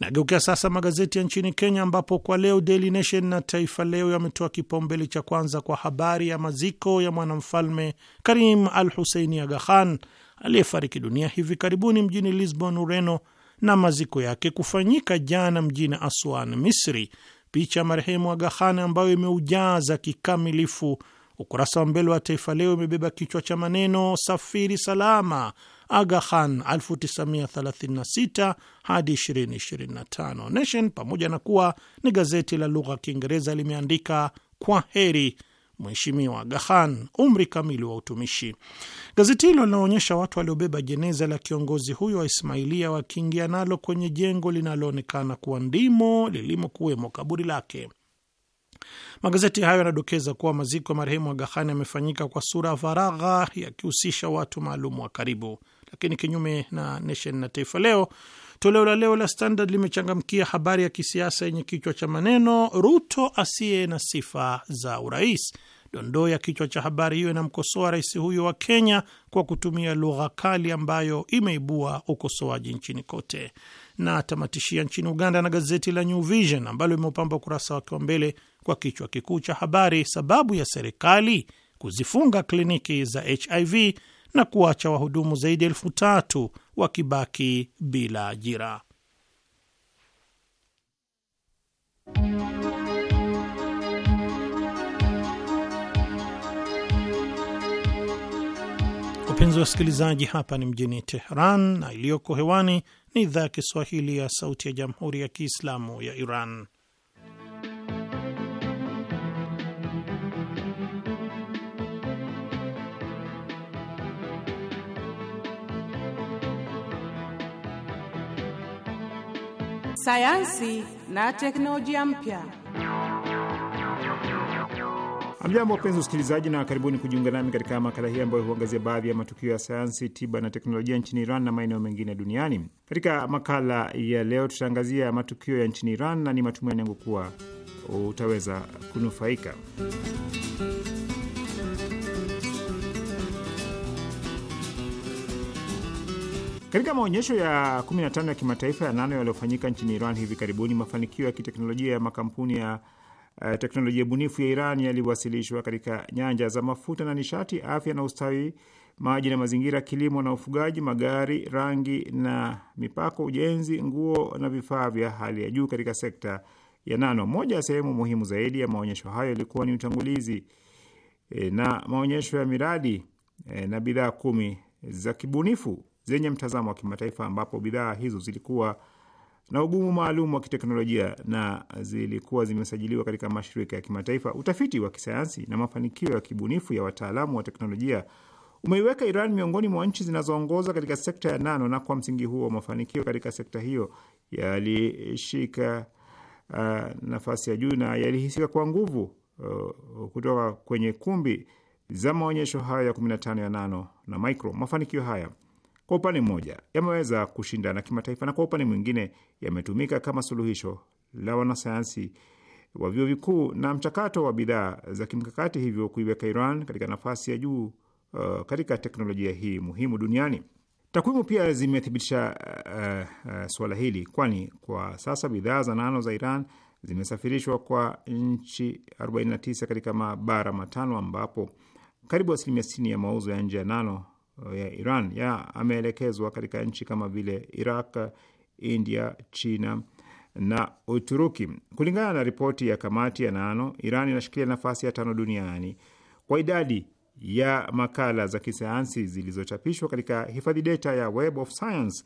Nageukia sasa magazeti ya nchini Kenya, ambapo kwa leo Daily Nation na Taifa Leo yametoa kipaumbele cha kwanza kwa habari ya maziko ya mwanamfalme Karim Al Huseini Aga Khan aliyefariki dunia hivi karibuni mjini Lisbon, Ureno, na maziko yake kufanyika jana mjini Aswan, Misri. Picha ya marehemu Aga Khan ambayo imeujaza kikamilifu ukurasa wa mbele wa Taifa Leo imebeba kichwa cha maneno safiri salama Aga Khan 1936 hadi 2025. Nation, pamoja na kuwa ni gazeti la lugha ya Kiingereza, limeandika kwa heri Mheshimiwa Gahan, umri kamili wa utumishi. Gazeti hilo linaonyesha watu waliobeba jeneza la kiongozi huyo wa Ismailia wakiingia nalo kwenye jengo linaloonekana kuwa ndimo lilimokuwemo kaburi lake. Magazeti hayo yanadokeza kuwa maziko ya marehemu Aga yamefanyika kwa sura faragha, yakihusisha watu maalum wa karibu lakini kinyume na Nation na Taifa Leo, toleo la leo la Standard limechangamkia habari ya kisiasa yenye kichwa cha maneno Ruto asiye na sifa za urais. Dondoo ya kichwa cha habari hiyo inamkosoa rais huyo wa Kenya kwa kutumia lugha kali ambayo imeibua ukosoaji nchini kote, na tamatishia nchini Uganda na gazeti la New Vision ambalo limeupamba ukurasa wake wa mbele kwa kichwa kikuu cha habari, sababu ya serikali kuzifunga kliniki za HIV na kuacha wahudumu zaidi ya elfu tatu wakibaki bila ajira. Wapenzi wa wasikilizaji, hapa ni mjini Teheran na iliyoko hewani ni idhaa ya Kiswahili ya Sauti ya Jamhuri ya Kiislamu ya Iran. sayansi na teknolojia mpya. Amjambo, wapenzi usikilizaji, na karibuni kujiunga nami katika makala hii ambayo huangazia baadhi ya matukio ya sayansi, tiba na teknolojia nchini Iran na maeneo mengine duniani. Katika makala ya leo, tutaangazia matukio ya nchini Iran na ni matumaini yangu kuwa utaweza kunufaika. Katika maonyesho ya 15 ya kimataifa ya nano yaliyofanyika nchini Iran hivi karibuni, mafanikio ya kiteknolojia ya makampuni ya uh, teknolojia bunifu ya Iran yaliwasilishwa katika nyanja za mafuta na nishati, afya na ustawi, maji na mazingira, kilimo na ufugaji, magari, rangi na mipako, ujenzi, nguo na vifaa vya hali ya juu katika sekta ya nano. Moja ya sehemu muhimu zaidi ya maonyesho hayo ilikuwa ni utangulizi e, na maonyesho ya miradi e, na bidhaa kumi za kibunifu zenye mtazamo wa kimataifa ambapo bidhaa hizo zilikuwa na ugumu maalum wa kiteknolojia na zilikuwa zimesajiliwa katika mashirika ya kimataifa. Utafiti wa kisayansi na mafanikio ya kibunifu ya wataalamu wa teknolojia umeiweka Iran miongoni mwa nchi zinazoongoza katika sekta ya nano, na kwa msingi huo mafanikio katika sekta hiyo yalishika uh, nafasi ya juu na yalihisika kwa nguvu uh, kutoka kwenye kumbi za maonyesho hayo ya 15 ya nano na micro. Mafanikio haya kwa upande mmoja yameweza kushindana kimataifa na kwa upande mwingine yametumika kama suluhisho la wanasayansi wa vyuo vikuu na mchakato wa bidhaa za kimkakati, hivyo kuiweka Iran katika nafasi ya juu uh, katika teknolojia hii muhimu duniani. Takwimu pia zimethibitisha uh, uh, suala hili, kwani kwa sasa bidhaa za nano za Iran zimesafirishwa kwa nchi 49 katika mabara matano ambapo karibu asilimia 60 ya mauzo ya nje ya nano ya Iran ameelekezwa katika nchi kama vile Iraq, India, China na Uturuki. Kulingana na ripoti ya kamati ya Nano, Iran inashikilia nafasi ya tano duniani kwa idadi ya makala za kisayansi zilizochapishwa katika hifadhi data ya Web of Science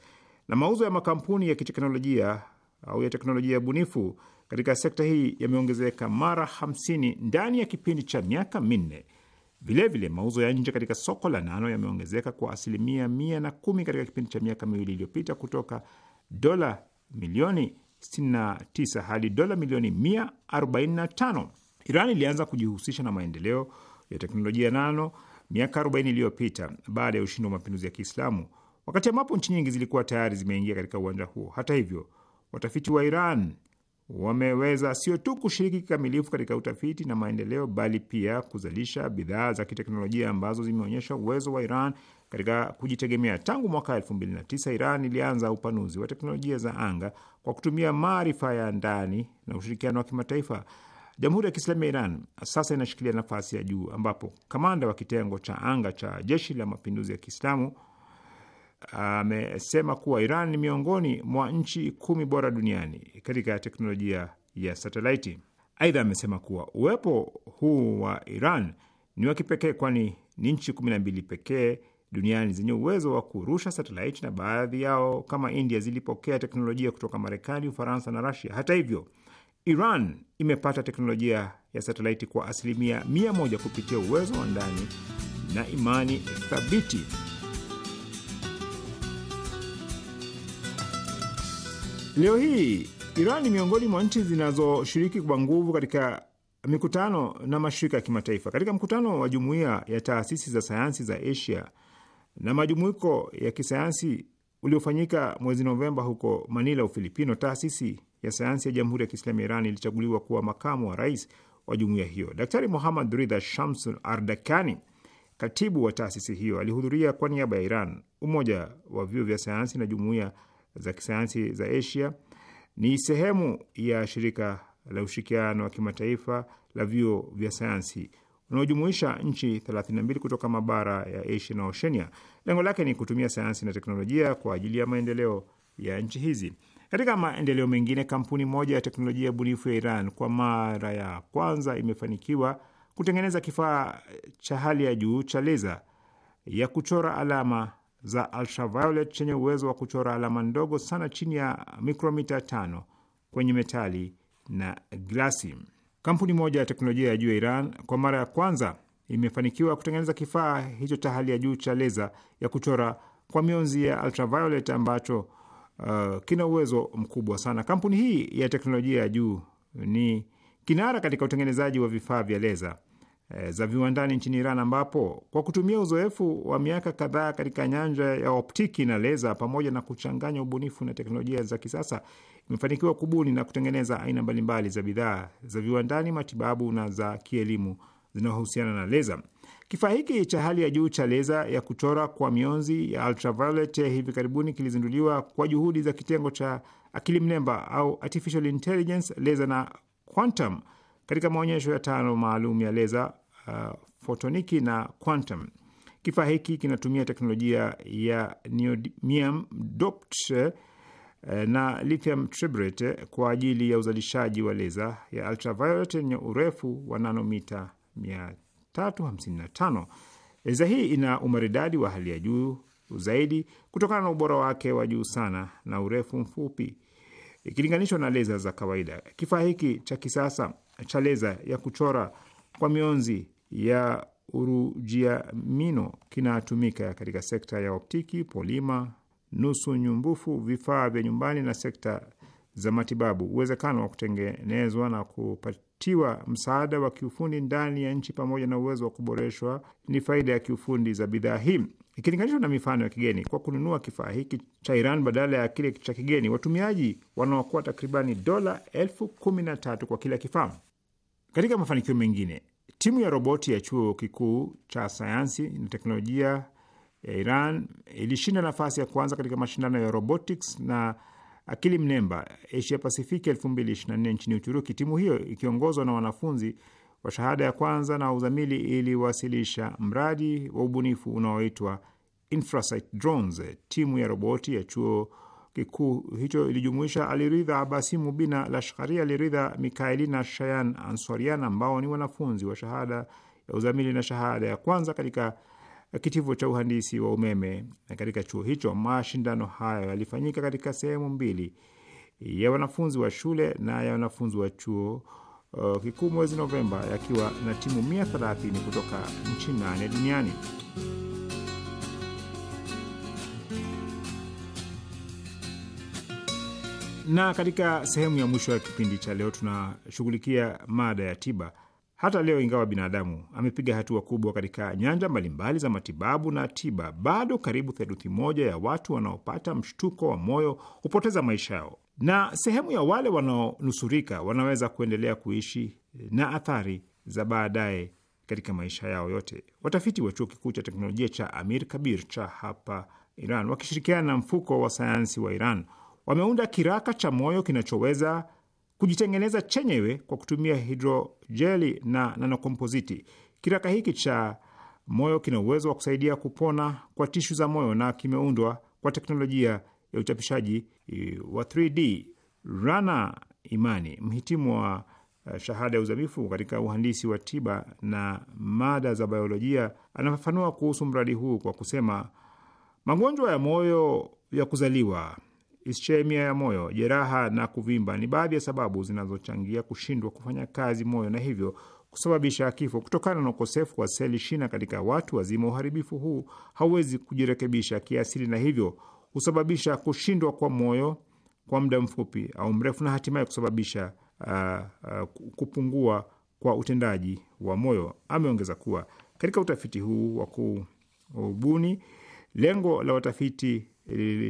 na mauzo ya makampuni ya kiteknolojia au ya teknolojia bunifu katika sekta hii yameongezeka mara 50 ndani ya kipindi cha miaka minne. Vilevile, mauzo ya nje katika soko la Nano yameongezeka kwa asilimia mia na kumi katika kipindi cha miaka miwili iliyopita kutoka dola milioni 69 hadi dola milioni 145. Iran ilianza kujihusisha na maendeleo ya teknolojia nano miaka 40 iliyopita baada ya ushindi wa mapinduzi ya Kiislamu, wakati ambapo nchi nyingi zilikuwa tayari zimeingia katika uwanja huo. Hata hivyo, watafiti wa Iran wameweza sio tu kushiriki kikamilifu katika utafiti na maendeleo, bali pia kuzalisha bidhaa za kiteknolojia ambazo zimeonyesha uwezo wa Iran katika kujitegemea. Tangu mwaka 2009 Iran ilianza upanuzi wa teknolojia za anga kwa kutumia maarifa ya ndani na ushirikiano wa kimataifa. Jamhuri ya Kiislamu ya Iran sasa inashikilia nafasi ya juu ambapo kamanda wa kitengo cha anga cha jeshi la mapinduzi ya Kiislamu amesema kuwa Iran ni miongoni mwa nchi kumi bora duniani katika teknolojia ya satelaiti. Aidha, amesema kuwa uwepo huu wa Iran ni wa kipekee, kwani ni nchi kumi na mbili pekee duniani zenye uwezo wa kurusha satelaiti, na baadhi yao kama India zilipokea teknolojia kutoka Marekani, Ufaransa na Rasia. Hata hivyo, Iran imepata teknolojia ya satelaiti kwa asilimia mia moja kupitia uwezo wa ndani na imani thabiti. Leo hii Iran ni miongoni mwa nchi zinazoshiriki kwa nguvu katika mikutano na mashirika ya kimataifa. Katika mkutano wa jumuiya ya taasisi za sayansi za Asia na majumuiko ya kisayansi uliofanyika mwezi Novemba huko Manila, Ufilipino, taasisi ya sayansi ya Jamhuri ya Kiislamu ya Iran ilichaguliwa kuwa makamu wa rais wa jumuiya hiyo. Daktari Muhammad Ridha Shamsun Ardakani, katibu wa taasisi hiyo, alihudhuria kwa niaba ya Iran. Umoja wa vyuo vya sayansi na jumuiya za kisayansi za Asia ni sehemu ya shirika la ushirikiano wa kimataifa la vyuo vya sayansi unaojumuisha nchi 32 kutoka mabara ya Asia na Oshenia. Lengo lake ni kutumia sayansi na teknolojia kwa ajili ya maendeleo ya nchi hizi. Katika maendeleo mengine, kampuni moja ya teknolojia bunifu ya Iran kwa mara ya kwanza imefanikiwa kutengeneza kifaa cha hali ya juu cha leza ya kuchora alama za ultraviolet chenye uwezo wa kuchora alama ndogo sana chini ya mikromita tano kwenye metali na glasi. Kampuni moja ya teknolojia ya juu ya Iran kwa mara ya kwanza imefanikiwa kutengeneza kifaa hicho cha hali ya juu cha leza ya kuchora kwa mionzi ya ultraviolet ambacho uh, kina uwezo mkubwa sana. Kampuni hii ya teknolojia ya juu ni kinara katika utengenezaji wa vifaa vya leza Eh, za viwandani nchini Iran, ambapo kwa kutumia uzoefu wa miaka kadhaa katika nyanja ya optiki na leza pamoja na kuchanganya ubunifu na teknolojia za kisasa imefanikiwa kubuni na kutengeneza aina mbalimbali za bidhaa za viwandani, matibabu na za kielimu zinazohusiana na leza. Kifaa hiki cha hali ya juu cha leza ya kuchora kwa mionzi ya ultraviolet hivi karibuni kilizinduliwa kwa juhudi za kitengo cha akili mnemba au artificial intelligence, leza na quantum katika maonyesho ya tano maalum ya leza uh, fotoniki na quantum. Kifaa hiki kinatumia teknolojia ya neodymium doped uh, na lithium tribrate kwa ajili ya uzalishaji wa leza ya ultraviolet yenye urefu wa nanomita 355. Leza hii ina umaridadi wa hali ya juu zaidi kutokana na ubora wake wa juu sana na urefu mfupi ikilinganishwa na leza za kawaida. Kifaa hiki cha kisasa chaleza ya kuchora kwa mionzi ya urujiamino kinatumika katika sekta ya optiki, polima, nusu nyumbufu, vifaa vya nyumbani na sekta za matibabu. Uwezekano wa kutengenezwa na kupatiwa msaada wa kiufundi ndani ya nchi pamoja na uwezo wa kuboreshwa ni faida ya kiufundi za bidhaa hii ikilinganishwa na mifano ya kigeni. Kwa kununua kifaa hiki cha Iran badala ya kile cha kigeni, watumiaji wanaokoa takribani dola elfu kumi na tatu kwa kila kifaa. Katika mafanikio mengine, timu ya roboti ya chuo kikuu cha sayansi na teknolojia ya Iran ilishinda nafasi ya kwanza katika mashindano ya robotics na akili mnemba Asia Pasifiki 2024 nchini Uturuki. Timu hiyo ikiongozwa na wanafunzi wa shahada ya kwanza na uzamili iliwasilisha mradi wa ubunifu unaoitwa Infrasight Drones. Timu ya roboti ya chuo kikuu hicho ilijumuisha Aliridha Abasimu Bina Lashkari, Aliridha Mikaeli na Shayan Ansorian ambao ni wanafunzi wa shahada ya uzamili na shahada ya kwanza katika kitivo cha uhandisi wa umeme na katika chuo hicho. Mashindano hayo yalifanyika katika sehemu mbili, ya wanafunzi wa shule na ya wanafunzi wa chuo uh, kikuu mwezi Novemba, yakiwa na timu 130 kutoka nchi nane duniani. Na katika sehemu ya mwisho ya kipindi cha leo tunashughulikia mada ya tiba. Hata leo, ingawa binadamu amepiga hatua kubwa katika nyanja mbalimbali za matibabu na tiba, bado karibu theluthi moja ya watu wanaopata mshtuko wa moyo hupoteza maisha yao, na sehemu ya wale wanaonusurika wanaweza kuendelea kuishi na athari za baadaye katika maisha yao yote. Watafiti wa chuo kikuu cha teknolojia cha Amir Kabir cha hapa Iran wakishirikiana na mfuko wa sayansi wa Iran wameunda kiraka cha moyo kinachoweza kujitengeneza chenyewe kwa kutumia hidrojeli na nanokompoziti. Kiraka hiki cha moyo kina uwezo wa kusaidia kupona kwa tishu za moyo na kimeundwa kwa teknolojia ya uchapishaji eh, wa 3D. Rana Imani, mhitimu wa eh, shahada ya uzamifu katika uhandisi wa tiba na mada za biolojia, anafafanua kuhusu mradi huu kwa kusema, magonjwa ya moyo ya kuzaliwa ischemia ya moyo, jeraha na kuvimba ni baadhi ya sababu zinazochangia kushindwa kufanya kazi moyo na hivyo kusababisha kifo. Kutokana na ukosefu wa seli shina katika watu wazima, uharibifu huu hauwezi kujirekebisha kiasili na hivyo husababisha kushindwa kwa moyo kwa muda mfupi au mrefu na hatimaye kusababisha uh, uh, kupungua kwa utendaji wa moyo. Ameongeza kuwa katika utafiti huu wa kubuni lengo la watafiti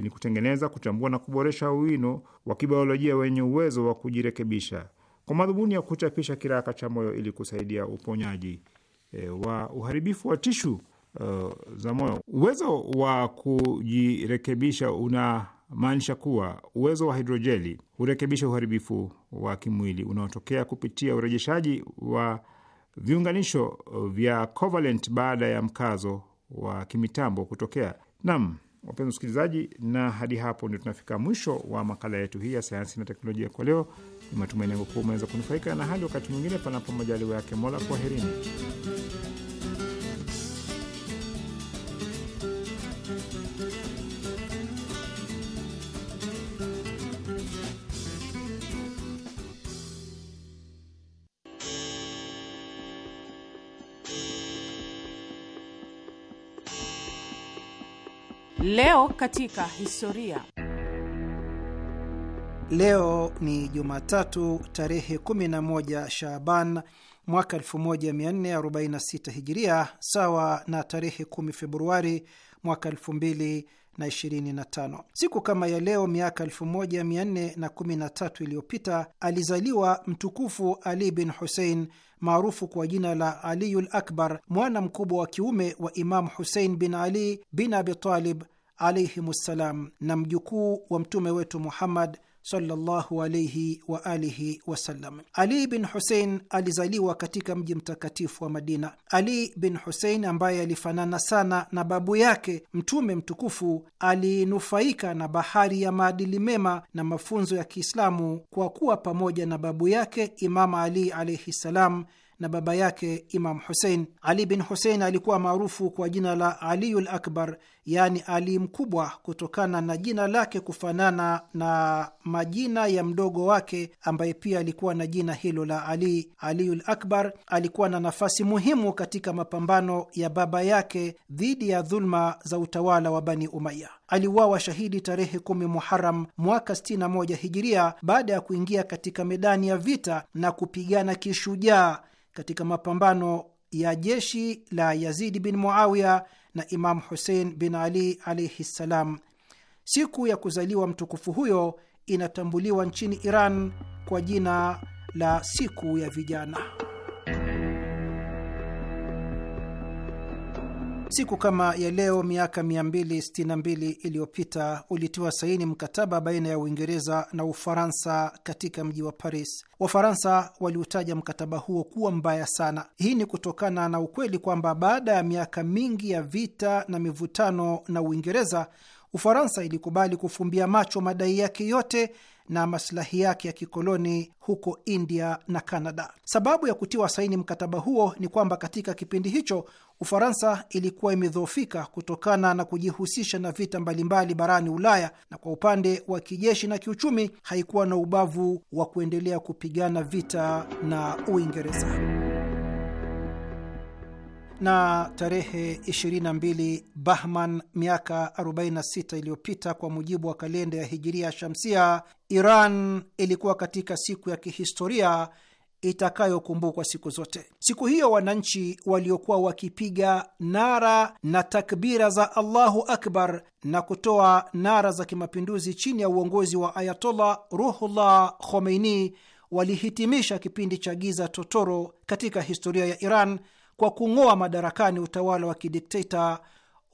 ni kutengeneza, kuchambua na kuboresha wino wa kibiolojia wenye uwezo wa kujirekebisha kwa madhumuni ya kuchapisha kiraka cha moyo ili kusaidia uponyaji e, wa uharibifu wa tishu uh, za moyo. Uwezo wa kujirekebisha unamaanisha kuwa uwezo wa hidrojeli hurekebisha uharibifu wa kimwili unaotokea kupitia urejeshaji wa viunganisho vya covalent baada ya mkazo wa kimitambo kutokea. Naam. Wapenzi wasikilizaji, na hadi hapo ndio tunafika mwisho wa makala yetu hii ya sayansi na teknolojia kwa leo. Ni matumaini yangu kuwa umeweza kunufaika, na hadi wakati mwingine, panapo majaliwa yake Mola, kwaherini. Leo katika historia. Leo ni Jumatatu tarehe 11 Shaaban mwaka 1446 Hijiria, sawa na tarehe 10 Februari mwaka 2025. Siku kama ya leo miaka 1413 iliyopita alizaliwa mtukufu Ali bin Husein maarufu kwa jina la Aliyul Akbar, mwana mkubwa wa kiume wa Imamu Husein bin Ali bin Abi Talib alaihimussalam na mjukuu wa mtume wetu Muhammad sallallahu alaihi wa alihi wasallam. Ali bin Husein alizaliwa katika mji mtakatifu wa Madina. Ali bin Husein ambaye alifanana sana na babu yake Mtume mtukufu alinufaika na bahari ya maadili mema na mafunzo ya Kiislamu kwa kuwa pamoja na babu yake Imama Ali alaihi ssalam na baba yake Imam Husein. Ali bin Husein alikuwa maarufu kwa jina la Aliyul Akbar, yaani Ali Mkubwa, kutokana na jina lake kufanana na majina ya mdogo wake ambaye pia alikuwa na jina hilo la Ali. Aliyul Akbar alikuwa na nafasi muhimu katika mapambano ya baba yake dhidi ya dhuluma za utawala wa Bani Umaya. Aliuawa shahidi tarehe kumi Muharam mwaka 61 Hijiria baada ya kuingia katika medani ya vita na kupigana kishujaa katika mapambano ya jeshi la Yazidi bin Muawiya na Imamu Husein bin Ali alaihi ssalam. Siku ya kuzaliwa mtukufu huyo inatambuliwa nchini Iran kwa jina la siku ya vijana. Siku kama ya leo miaka 262 iliyopita ulitiwa saini mkataba baina ya Uingereza na Ufaransa katika mji wa Paris. Wafaransa waliutaja mkataba huo kuwa mbaya sana. Hii ni kutokana na ukweli kwamba baada ya miaka mingi ya vita na mivutano na Uingereza, Ufaransa ilikubali kufumbia macho madai yake yote na masilahi yake ya kikoloni huko India na Kanada. Sababu ya kutiwa saini mkataba huo ni kwamba katika kipindi hicho Ufaransa ilikuwa imedhoofika kutokana na kujihusisha na vita mbalimbali barani Ulaya, na kwa upande wa kijeshi na kiuchumi haikuwa na ubavu wa kuendelea kupigana vita na Uingereza na tarehe 22 Bahman miaka 46 iliyopita kwa mujibu wa kalenda ya Hijiria Shamsia, Iran ilikuwa katika siku ya kihistoria itakayokumbukwa siku zote. Siku hiyo wananchi waliokuwa wakipiga nara na takbira za Allahu akbar na kutoa nara za kimapinduzi chini ya uongozi wa Ayatollah Ruhullah Khomeini walihitimisha kipindi cha giza totoro katika historia ya Iran kwa kung'oa madarakani utawala wa kidikteta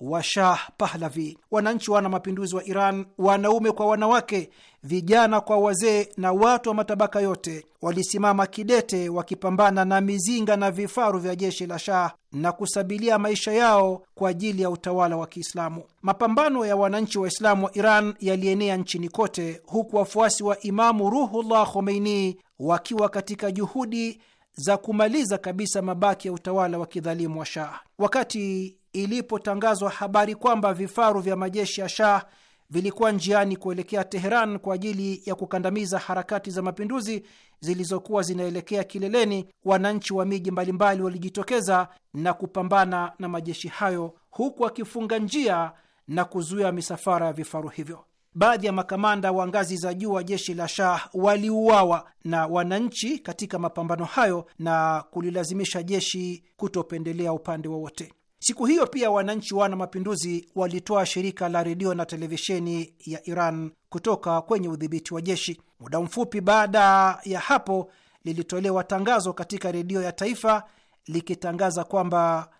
wa Shah Pahlavi. Wananchi wana mapinduzi wa Iran, wanaume kwa wanawake, vijana kwa wazee, na watu wa matabaka yote walisimama kidete, wakipambana na mizinga na vifaru vya jeshi la Shah na kusabilia maisha yao kwa ajili ya utawala wa Kiislamu. Mapambano ya wananchi Waislamu wa Iran yalienea nchini kote, huku wafuasi wa Imamu Ruhullah Khomeini wakiwa katika juhudi za kumaliza kabisa mabaki ya utawala wa kidhalimu wa Shah. Wakati ilipotangazwa habari kwamba vifaru vya majeshi ya Shah vilikuwa njiani kuelekea Teheran kwa ajili ya kukandamiza harakati za mapinduzi zilizokuwa zinaelekea kileleni, wananchi wa miji mbalimbali walijitokeza na kupambana na majeshi hayo, huku akifunga njia na kuzuia misafara ya vifaru hivyo baadhi ya makamanda wa ngazi za juu wa jeshi la Shah waliuawa na wananchi katika mapambano hayo na kulilazimisha jeshi kutopendelea upande wowote. Siku hiyo pia wananchi wana mapinduzi walitoa shirika la redio na televisheni ya Iran kutoka kwenye udhibiti wa jeshi. Muda mfupi baada ya hapo, lilitolewa tangazo katika redio ya taifa likitangaza kwamba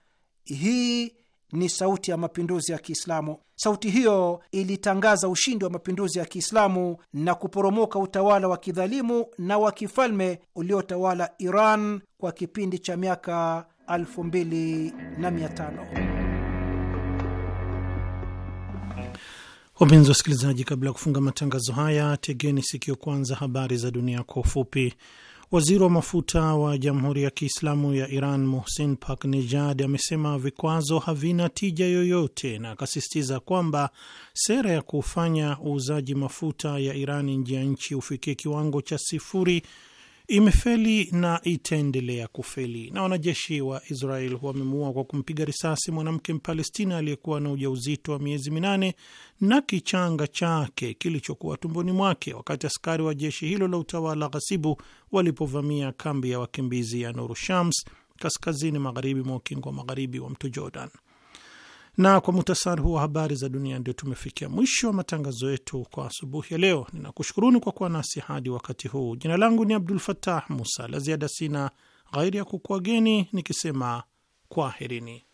hii ni sauti ya mapinduzi ya Kiislamu. Sauti hiyo ilitangaza ushindi wa mapinduzi ya Kiislamu na kuporomoka utawala wa kidhalimu na wa kifalme uliotawala Iran kwa kipindi cha miaka 2500. Wapenzi wasikilizaji, kabla ya kufunga matangazo haya, tegeni sikio kwanza habari za dunia kwa ufupi. Waziri wa mafuta wa Jamhuri ya Kiislamu ya Iran Mohsin Paknejad amesema vikwazo havina tija yoyote na akasisitiza kwamba sera ya kufanya uuzaji mafuta ya Iran nje ya nchi ufikie kiwango cha sifuri imefeli na itaendelea kufeli. Na wanajeshi wa Israel wamemuua kwa kumpiga risasi mwanamke Mpalestina aliyekuwa na ujauzito wa miezi minane na kichanga chake kilichokuwa tumboni mwake wakati askari wa jeshi hilo la utawala ghasibu walipovamia kambi ya wakimbizi ya Nur Shams kaskazini magharibi mwa ukingo wa magharibi wa mto Jordan. Na kwa muhtasari huu wa habari za dunia, ndio tumefikia mwisho wa matangazo yetu kwa asubuhi ya leo. Ninakushukuruni kwa kuwa nasi hadi wakati huu. Jina langu ni Abdul fatah Musa. La ziada sina ghairi ya kukuageni nikisema kwaherini.